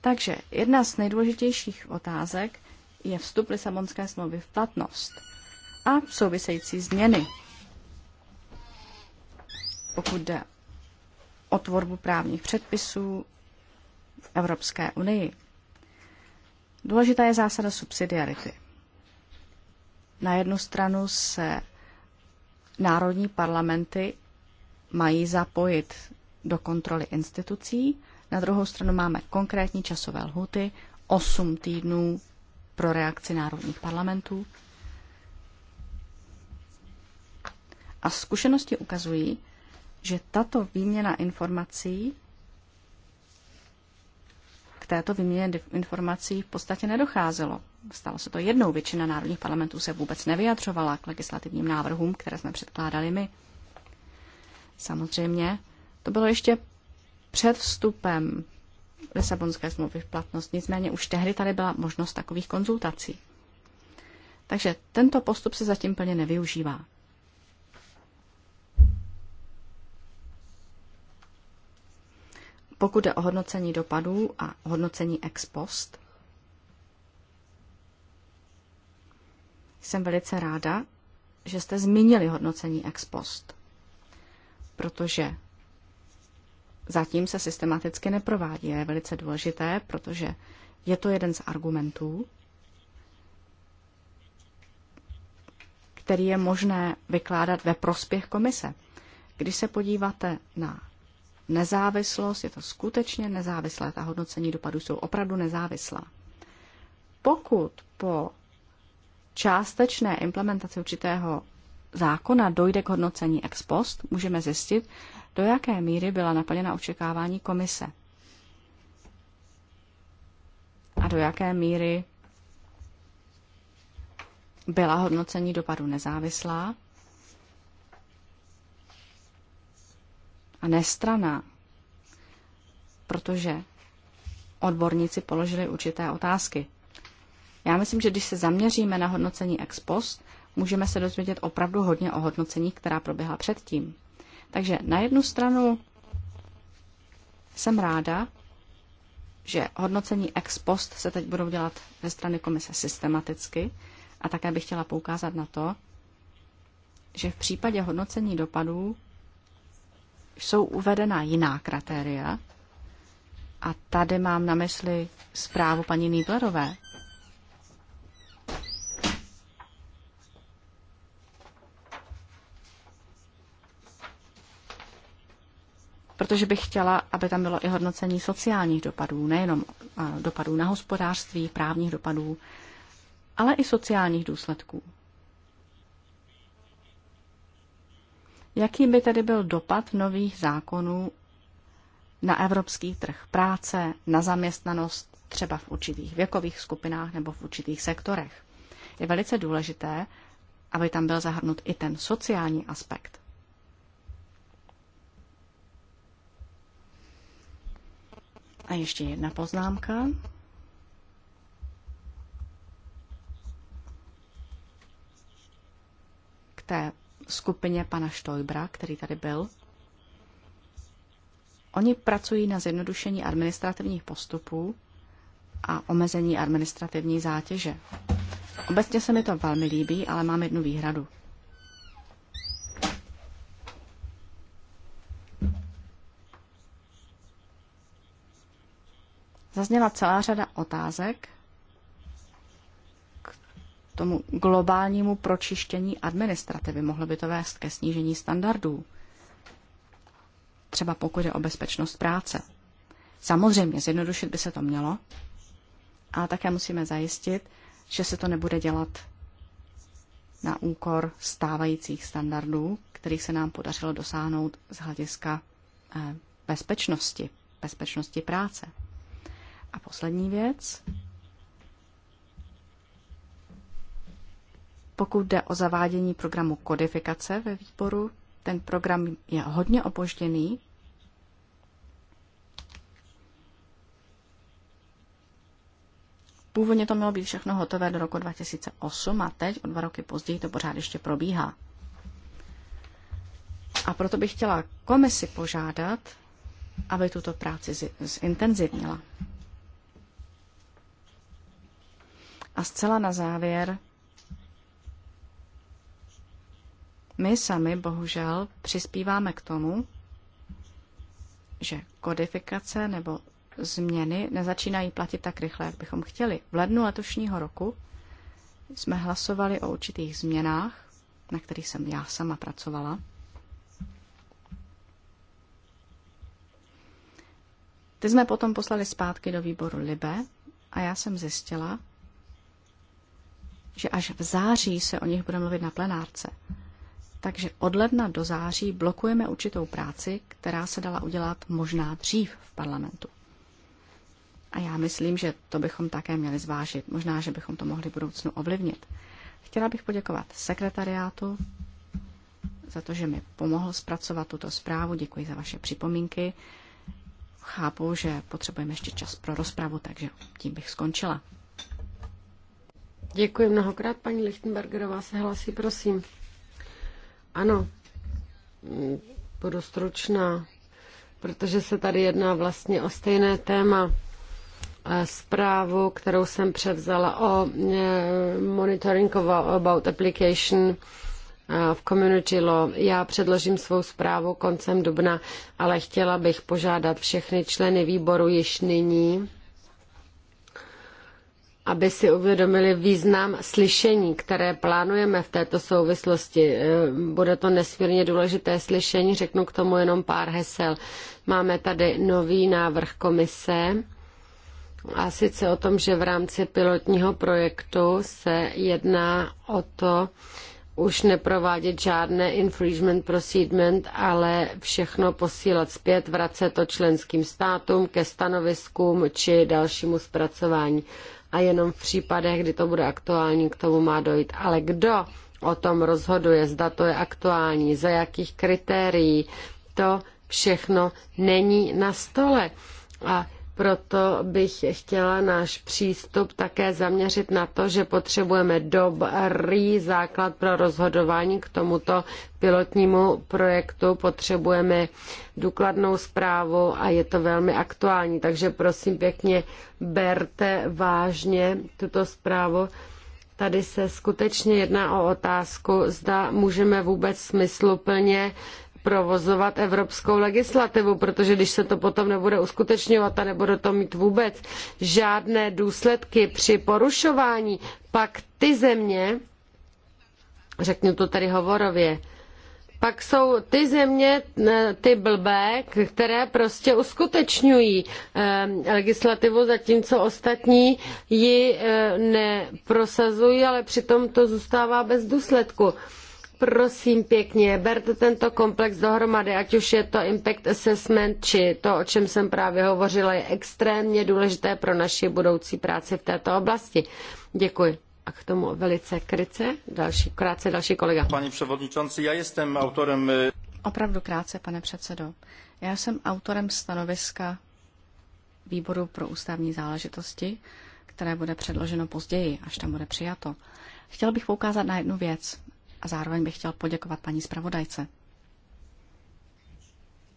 Takže jedna z nejdůležitějších otázek je vstup Lisabonské smlouvy v platnost a související změny, pokud jde o tvorbu právních předpisů v Evropské unii. Důležitá je zásada subsidiarity. Na jednu stranu se národní parlamenty mají zapojit do kontroly institucí, na druhou stranu máme konkrétní časové lhuty, 8 týdnů pro reakci národních parlamentů. A zkušenosti ukazují, že tato výměna informací k této výměně informací v podstatě nedocházelo. Stalo se to jednou. Většina národních parlamentů se vůbec nevyjadřovala k legislativním návrhům, které jsme předkládali my. Samozřejmě to bylo ještě před vstupem Lisabonské smlouvy v platnost. Nicméně už tehdy tady byla možnost takových konzultací. Takže tento postup se zatím plně nevyužívá. Pokud jde o hodnocení dopadů a hodnocení ex post, jsem velice ráda, že jste zmínili hodnocení ex post, protože zatím se systematicky neprovádí. Je velice důležité, protože je to jeden z argumentů, který je možné vykládat ve prospěch komise. Když se podíváte na nezávislost, je to skutečně nezávislé, ta hodnocení dopadů jsou opravdu nezávislá. Pokud po částečné implementaci určitého zákona dojde k hodnocení ex post, můžeme zjistit, do jaké míry byla naplněna očekávání komise a do jaké míry byla hodnocení dopadu nezávislá a nestraná, protože odborníci položili určité otázky. Já myslím, že když se zaměříme na hodnocení ex post, můžeme se dozvědět opravdu hodně o hodnocení, která proběhla předtím. Takže na jednu stranu jsem ráda, že hodnocení ex post se teď budou dělat ze strany komise systematicky a také bych chtěla poukázat na to, že v případě hodnocení dopadů jsou uvedena jiná kritéria a tady mám na mysli zprávu paní Nýblerové, protože bych chtěla, aby tam bylo i hodnocení sociálních dopadů, nejenom dopadů na hospodářství, právních dopadů, ale i sociálních důsledků. Jaký by tedy byl dopad nových zákonů na evropský trh práce, na zaměstnanost třeba v určitých věkových skupinách nebo v určitých sektorech? Je velice důležité, aby tam byl zahrnut i ten sociální aspekt. A ještě jedna poznámka. K té skupině pana Štojbra, který tady byl. Oni pracují na zjednodušení administrativních postupů a omezení administrativní zátěže. Obecně se mi to velmi líbí, ale mám jednu výhradu. Zazněla celá řada otázek k tomu globálnímu pročištění administrativy. Mohlo by to vést ke snížení standardů, třeba pokud je o bezpečnost práce. Samozřejmě, zjednodušit by se to mělo, ale také musíme zajistit, že se to nebude dělat na úkor stávajících standardů, kterých se nám podařilo dosáhnout z hlediska eh, bezpečnosti, bezpečnosti práce. A poslední věc. Pokud jde o zavádění programu kodifikace ve výboru, ten program je hodně opožděný. Původně to mělo být všechno hotové do roku 2008 a teď, o dva roky později, to pořád ještě probíhá. A proto bych chtěla komisi požádat, aby tuto práci zintenzivnila. A zcela na závěr, my sami bohužel přispíváme k tomu, že kodifikace nebo změny nezačínají platit tak rychle, jak bychom chtěli. V lednu letošního roku jsme hlasovali o určitých změnách, na kterých jsem já sama pracovala. Ty jsme potom poslali zpátky do výboru Libe a já jsem zjistila, že až v září se o nich bude mluvit na plenárce. Takže od ledna do září blokujeme určitou práci, která se dala udělat možná dřív v parlamentu. A já myslím, že to bychom také měli zvážit. Možná, že bychom to mohli v budoucnu ovlivnit. Chtěla bych poděkovat sekretariátu za to, že mi pomohl zpracovat tuto zprávu. Děkuji za vaše připomínky. Chápu, že potřebujeme ještě čas pro rozpravu, takže tím bych skončila. Děkuji mnohokrát. Paní Lichtenbergerová se hlasí, prosím. Ano, budu stručná, protože se tady jedná vlastně o stejné téma zprávu, kterou jsem převzala o e, monitoring about application e, v Community Law. Já předložím svou zprávu koncem dubna, ale chtěla bych požádat všechny členy výboru již nyní, aby si uvědomili význam slyšení, které plánujeme v této souvislosti. Eh, bude to nesmírně důležité slyšení, řeknu k tomu jenom pár hesel. Máme tady nový návrh komise a sice o tom, že v rámci pilotního projektu se jedná o to, už neprovádět žádné infringement procedement, ale všechno posílat zpět, vracet to členským státům ke stanoviskům či dalšímu zpracování a jenom v případech, kdy to bude aktuální, k tomu má dojít. Ale kdo o tom rozhoduje, zda to je aktuální, za jakých kritérií, to všechno není na stole. A proto bych chtěla náš přístup také zaměřit na to, že potřebujeme dobrý základ pro rozhodování k tomuto pilotnímu projektu. Potřebujeme důkladnou zprávu a je to velmi aktuální. Takže prosím pěkně, berte vážně tuto zprávu. Tady se skutečně jedná o otázku, zda můžeme vůbec smysluplně provozovat evropskou legislativu, protože když se to potom nebude uskutečňovat a nebude to mít vůbec žádné důsledky při porušování, pak ty země, řeknu to tady hovorově, pak jsou ty země, eh, ty blbé, které prostě uskutečňují eh, legislativu, zatímco ostatní ji eh, neprosazují, ale přitom to zůstává bez důsledku. Prosím pěkně, berte tento komplex dohromady, ať už je to impact assessment, či to, o čem jsem právě hovořila, je extrémně důležité pro naši budoucí práci v této oblasti. Děkuji. A k tomu velice kryce, další, krátce další kolega. Pani převodničanci, já jsem autorem... E, Opravdu krátce, pane předsedo. Já jsem autorem stanoviska výboru pro ústavní záležitosti, které bude předloženo později, až tam bude přijato. Chtěl bych poukázat na jednu věc a zároveň bych chtěl poděkovat paní zpravodajce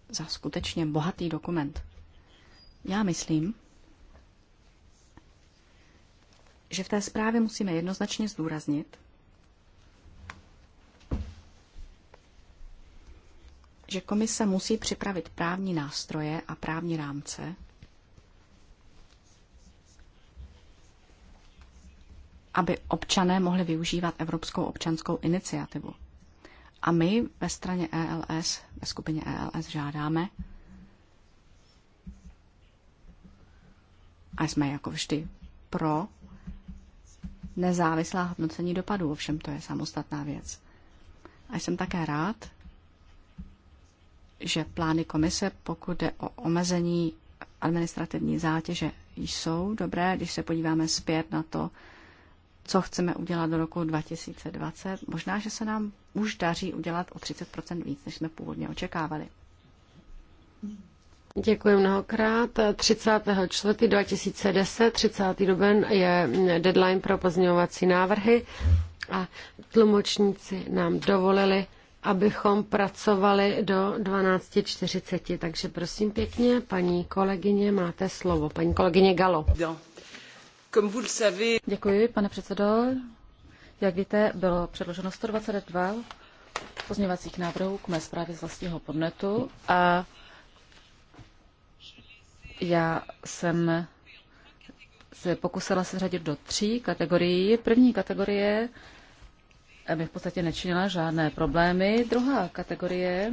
za skutečně bohatý dokument. Já myslím, že v té zprávě musíme jednoznačně zdůraznit, že komise musí připravit právní nástroje a právní rámce, aby občané mohli využívat Evropskou občanskou iniciativu. A my ve straně ELS, ve skupině ELS žádáme, a jsme jako vždy pro nezávislá hodnocení dopadů, ovšem to je samostatná věc. A jsem také rád, že plány komise, pokud jde o omezení administrativní zátěže, jsou dobré, když se podíváme zpět na to, co chceme udělat do roku 2020. Možná, že se nám už daří udělat o 30 víc, než jsme původně očekávali. Děkuji mnohokrát. 34. 2010, 30. duben je deadline pro pozměňovací návrhy a tlumočníci nám dovolili, abychom pracovali do 12.40. Takže prosím pěkně, paní kolegyně, máte slovo. Paní kolegyně Galo. No, Děkuji, pane předsedo. Jak víte, bylo předloženo 122 pozměňovacích návrhů k mé zprávě z vlastního podnetu a já jsem se pokusila se řadit do tří kategorií. První kategorie mi v podstatě nečinila žádné problémy. Druhá kategorie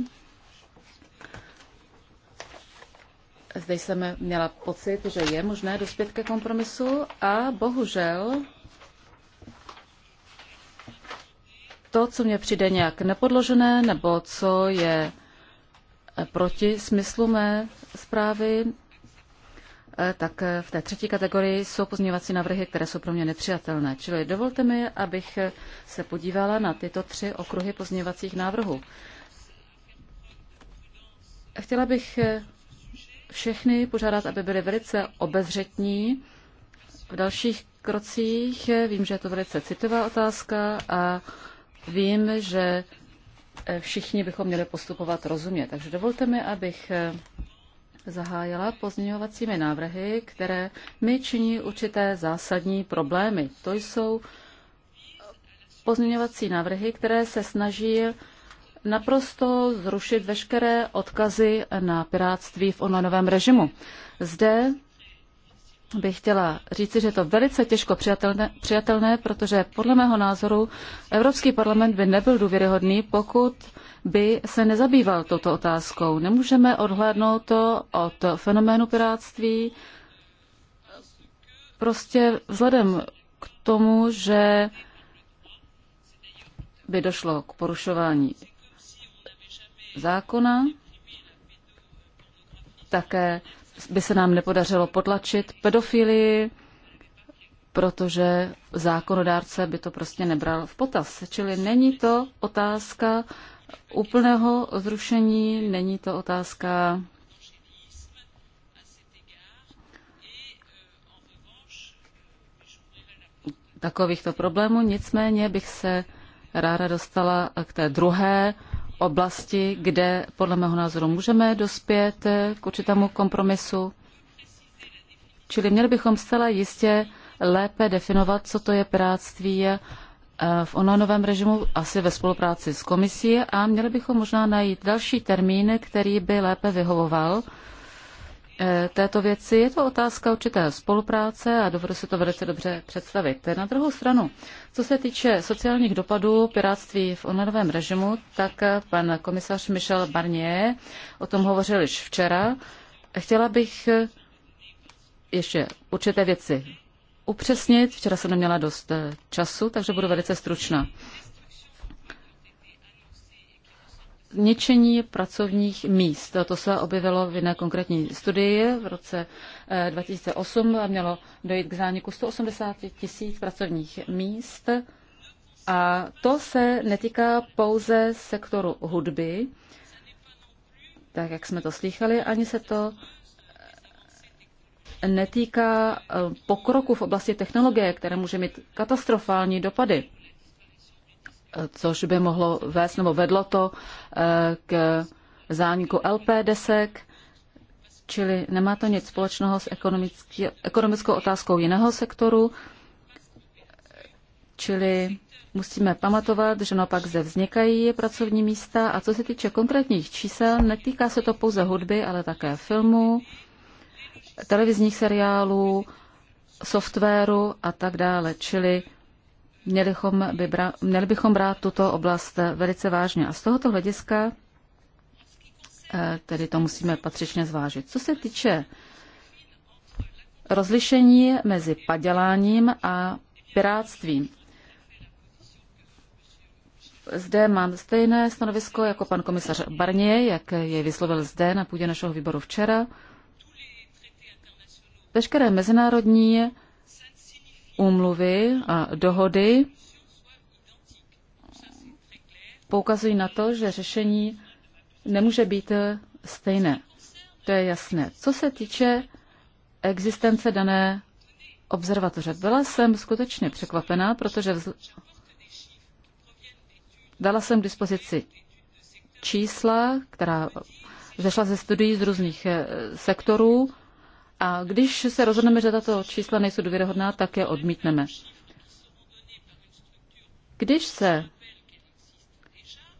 Zde jsem měla pocit, že je možné dospět ke kompromisu a bohužel to, co mě přijde nějak nepodložené nebo co je proti smyslu mé zprávy, eh, tak eh, v té třetí kategorii jsou pozměňovací návrhy, které jsou pro mě nepřijatelné. Čili dovolte mi, abych eh, se podívala na tyto tři okruhy pozměňovacích návrhů. Chtěla bych všechny požádat, aby byli velice obezřetní v dalších krocích. Vím, že je to velice citová otázka a vím, že eh, všichni bychom měli postupovat rozumně. Takže dovolte mi, abych eh, zahájila pozměňovacími návrhy, které mi činí určité zásadní problémy. To jsou pozměňovací návrhy, které se snaží naprosto zrušit veškeré odkazy na pirátství v onlineovém režimu. Zde bych chtěla říci, že je to velice těžko přijatelné, přijatelné, protože podle mého názoru Evropský parlament by nebyl důvěryhodný, pokud by se nezabýval touto otázkou. Nemůžeme odhlédnout to od fenoménu piráctví. Prostě vzhledem k tomu, že by došlo k porušování zákona. Také by se nám nepodařilo potlačit pedofilii, protože zákonodárce by to prostě nebral v potaz. Čili není to otázka úplného zrušení, není to otázka takovýchto problémů, nicméně bych se ráda dostala k té druhé oblasti, kde podle mého názoru můžeme dospět k určitému kompromisu. Čili měli bychom zcela jistě lépe definovat, co to je pirátství eh, v onlineovém režimu, asi ve spolupráci s komisí a měli bychom možná najít další termín, který by lépe vyhovoval Eh, této věci. Je to otázka určité spolupráce a dovedu si to velice dobře představit. Na druhou stranu, co se týče sociálních dopadů pirátství v onlineovém režimu, tak pan komisař Michel Barnier o tom hovořil již včera. Chtěla bych ještě určité věci upřesnit. Včera jsem neměla dost eh, času, takže budu velice stručná ničení pracovních míst. To se objevilo v jedné konkrétní studii v roce 2008. Eh, Mělo dojít k zániku 180 tisíc pracovních míst. A to se netýká pouze sektoru hudby, tak jak jsme to slychali, ani se to eh, netýká eh, pokroku v oblasti technologie, které může mít katastrofální dopady což by mohlo vést nebo vedlo to eh, k zániku LP desek, čili nemá to nic společného s ekonomickou otázkou jiného sektoru, čili musíme pamatovat, že naopak zde vznikají pracovní místa a co se týče konkrétních čísel, netýká se to pouze hudby, ale také filmů, televizních seriálů, softwaru a tak dále. Čili Měli bychom, vybra- měli bychom brát tuto oblast velice vážně. A z tohoto hlediska eh, tedy to musíme patřičně zvážit. Co se týče rozlišení mezi paděláním a piráctvím. Zde mám stejné stanovisko jako pan komisař Barnier, jak jej vyslovil zde na půdě našeho výboru včera. Veškeré mezinárodní úmluvy a dohody poukazují na to, že řešení nemůže být stejné. To je jasné. Co se týče existence dané observatoře, byla jsem skutečně překvapená, protože vzl... dala jsem k dispozici čísla, která zešla ze studií z různých eh, sektorů, a když se rozhodneme, že tato čísla nejsou důvěryhodná, tak je odmítneme. Když se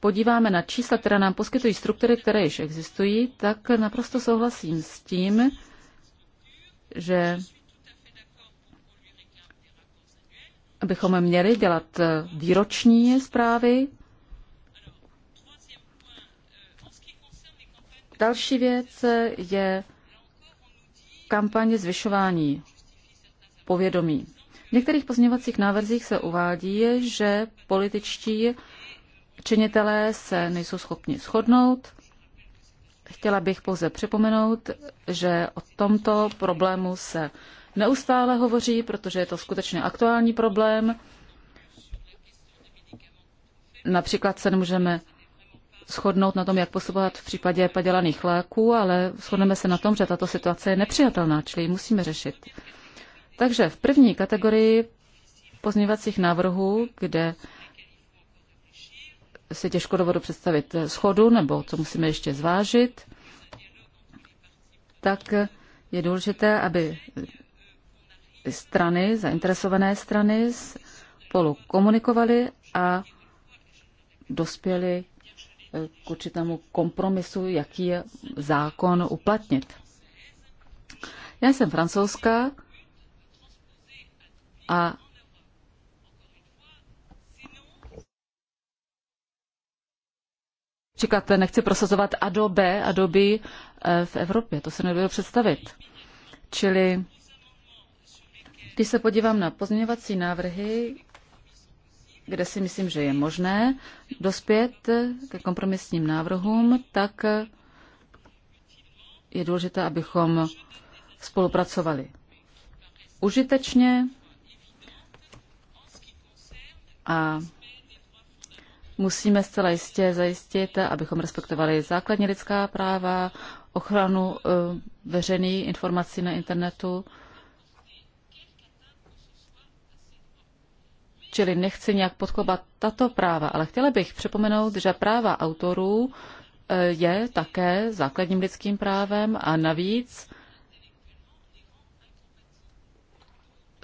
podíváme na čísla, která nám poskytují struktury, které již existují, tak naprosto souhlasím s tím, že bychom měli dělat výroční zprávy. Další věc je kampaně zvyšování povědomí. V některých pozměňovacích návrzích se uvádí, že političtí činitelé se nejsou schopni shodnout. Chtěla bych pouze připomenout, že o tomto problému se neustále hovoří, protože je to skutečně aktuální problém. Například se nemůžeme shodnout na tom, jak postupovat v případě padělaných léků, ale shodneme se na tom, že tato situace je nepřijatelná, čili ji musíme řešit. Takže v první kategorii pozměňovacích návrhů, kde si těžko dovodu představit schodu nebo co musíme ještě zvážit, tak je důležité, aby strany, zainteresované strany spolu komunikovaly a dospěli k určitému kompromisu, jaký je zákon uplatnit. Já jsem francouzská a čekat, nechci prosazovat Adobe, Adobe eh, v Evropě, to se nedovedu představit. Čili když se podívám na pozměňovací návrhy, kde si myslím, že je možné dospět ke kompromisním návrhům, tak je důležité, abychom spolupracovali užitečně a musíme zcela jistě zajistit, abychom respektovali základní lidská práva, ochranu eh, veřejných informací na internetu, čili nechci nějak podkopat tato práva, ale chtěla bych připomenout, že práva autorů eh, je také základním lidským právem a navíc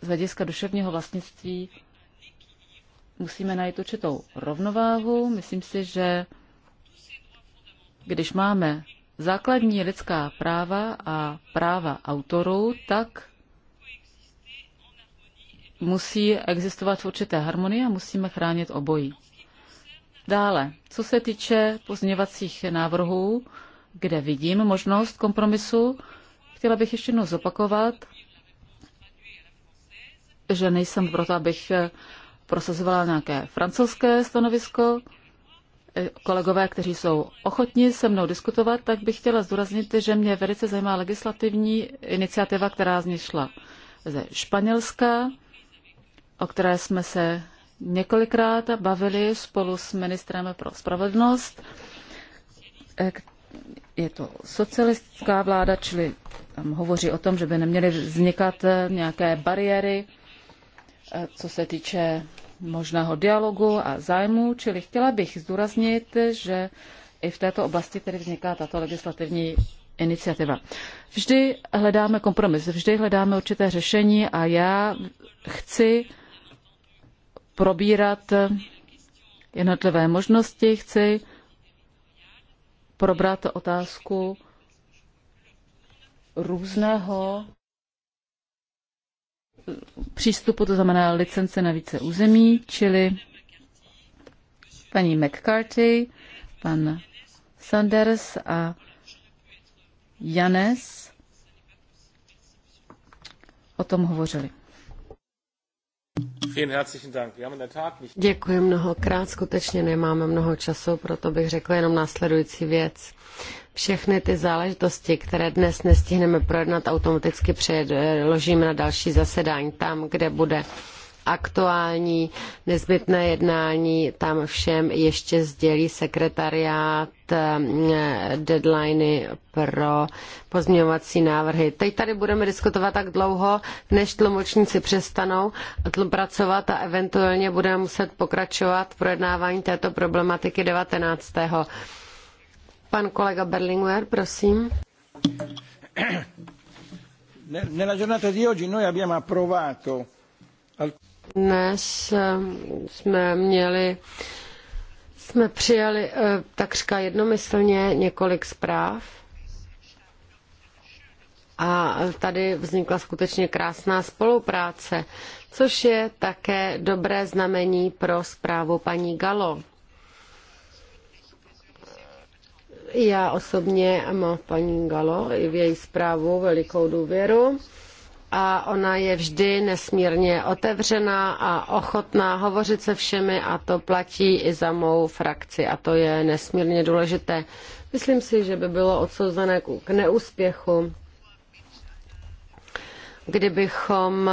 z hlediska duševního vlastnictví musíme najít určitou rovnováhu. Myslím si, že když máme základní lidská práva a práva autorů, tak musí existovat určité harmonie a musíme chránit obojí. Dále, co se týče pozměňovacích návrhů, kde vidím možnost kompromisu, chtěla bych ještě jednou zopakovat, že nejsem proto, abych prosazovala nějaké francouzské stanovisko. Eh, kolegové, kteří jsou ochotni se mnou diskutovat, tak bych chtěla zdůraznit, že mě velice zajímá legislativní iniciativa, která z ní šla ze Španělska o které jsme se několikrát bavili spolu s ministrem pro spravedlnost. E, je to socialistická vláda, čili tam hovoří o tom, že by neměly vznikat nějaké bariéry, e, co se týče možného dialogu a zájmu, čili chtěla bych zdůraznit, že i v této oblasti tedy vzniká tato legislativní iniciativa. Vždy hledáme kompromis, vždy hledáme určité řešení a já chci probírat jednotlivé možnosti, chci probrat otázku různého přístupu, to znamená licence na více území, čili paní McCarthy, pan Sanders a Janes o tom hovořili. Děkuji mnohokrát, skutečně nemáme mnoho času, proto bych řekla jenom následující věc. Všechny ty záležitosti, které dnes nestihneme projednat, automaticky přeložíme na další zasedání tam, kde bude aktuální nezbytné jednání tam všem ještě sdělí sekretariát ehm, deadliny pro pozměňovací návrhy. Teď tady budeme diskutovat tak dlouho, než tlumočníci přestanou pracovat a eventuálně budeme muset pokračovat v projednávání této problematiky 19. Pan kolega Berlinguer, prosím. Nella giornata di oggi noi abbiamo approvato dnes ehm, jsme měli jsme přijali eh, takřka jednomyslně několik zpráv a tady vznikla skutečně krásná spolupráce, což je také dobré znamení pro zprávu paní Galo. Já osobně mám paní Galo i v její zprávu velikou důvěru a ona je vždy nesmírně otevřená a ochotná hovořit se všemi a to platí i za mou frakci a to je nesmírně důležité. Myslím si, že by bylo odsouzené k neúspěchu, kdybychom e,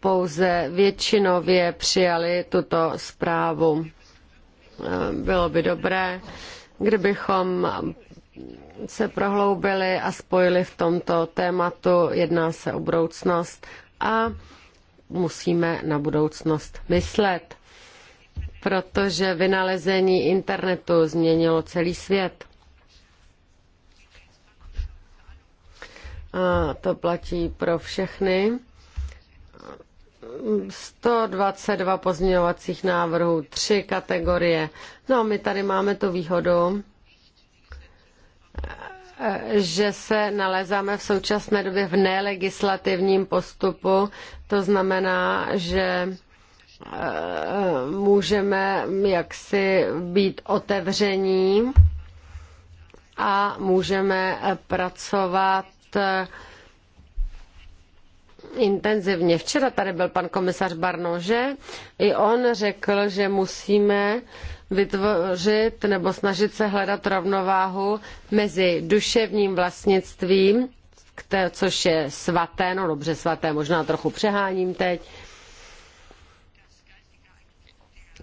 pouze většinově přijali tuto zprávu. E, bylo by dobré, kdybychom se prohloubili a spojili v tomto tématu. Jedná se o budoucnost a musíme na budoucnost myslet, protože vynalezení internetu změnilo celý svět. A to platí pro všechny. 122 pozměňovacích návrhů, tři kategorie. No, my tady máme tu výhodu, že se nalezáme v současné době v nelegislativním postupu. To znamená, že eh, můžeme jaksi být otevření a můžeme pracovat eh, intenzivně. Včera tady byl pan komisař Barnože, i on řekl, že musíme vytvořit nebo snažit se hledat rovnováhu mezi duševním vlastnictvím, což je svaté, no dobře svaté, možná trochu přeháním teď,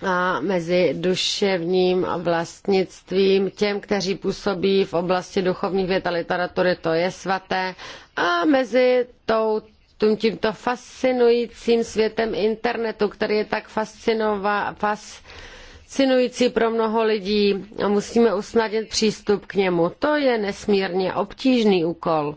a mezi duševním vlastnictvím těm, kteří působí v oblasti duchovních věd a literatury, to je svaté, a mezi tou tímto fascinujícím světem internetu, který je tak fascinova, fas, fascinující pro mnoho lidí a musíme usnadnit přístup k němu. To je nesmírně obtížný úkol.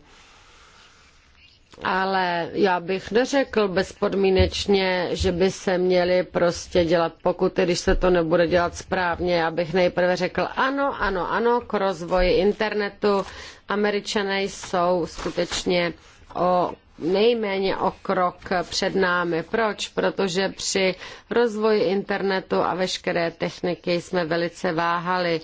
Ale já bych neřekl bezpodmínečně, že by se měly prostě dělat pokuty, když se to nebude dělat správně. Já bych nejprve řekl ano, ano, ano, k rozvoji internetu. Američané jsou skutečně o nejméně o krok před námi. Proč? Protože při rozvoji internetu a veškeré techniky jsme velice váhali.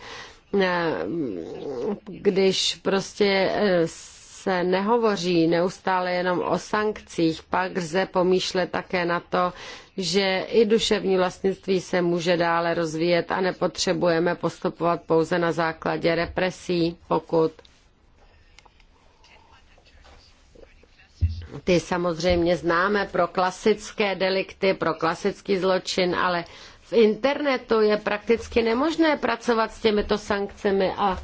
Když prostě eh, se nehovoří neustále jenom o sankcích, pak lze pomýšlet také na to, že i duševní vlastnictví se může dále rozvíjet a nepotřebujeme postupovat pouze na základě represí, pokud ty samozřejmě známe pro klasické delikty, pro klasický zločin, ale v internetu je prakticky nemožné pracovat s těmito sankcemi a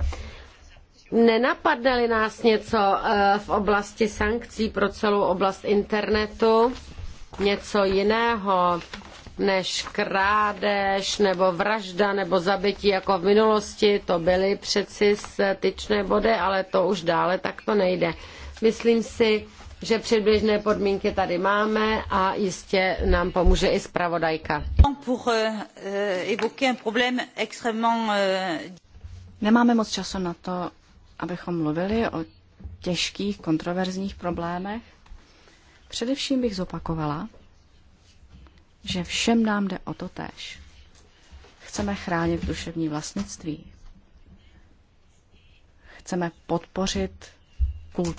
nenapadne nás něco eh, v oblasti sankcí pro celou oblast internetu, něco jiného než krádež nebo vražda nebo zabití jako v minulosti, to byly přeci styčné body, ale to už dále tak to nejde. Myslím si, že předběžné podmínky tady máme a jistě nám pomůže i zpravodajka. Euh, euh, Nemáme moc času na to, abychom mluvili o těžkých, kontroverzních problémech. Především bych zopakovala, že všem nám jde o to Chceme chránit duševní vlastnictví. Chceme podpořit kulturu.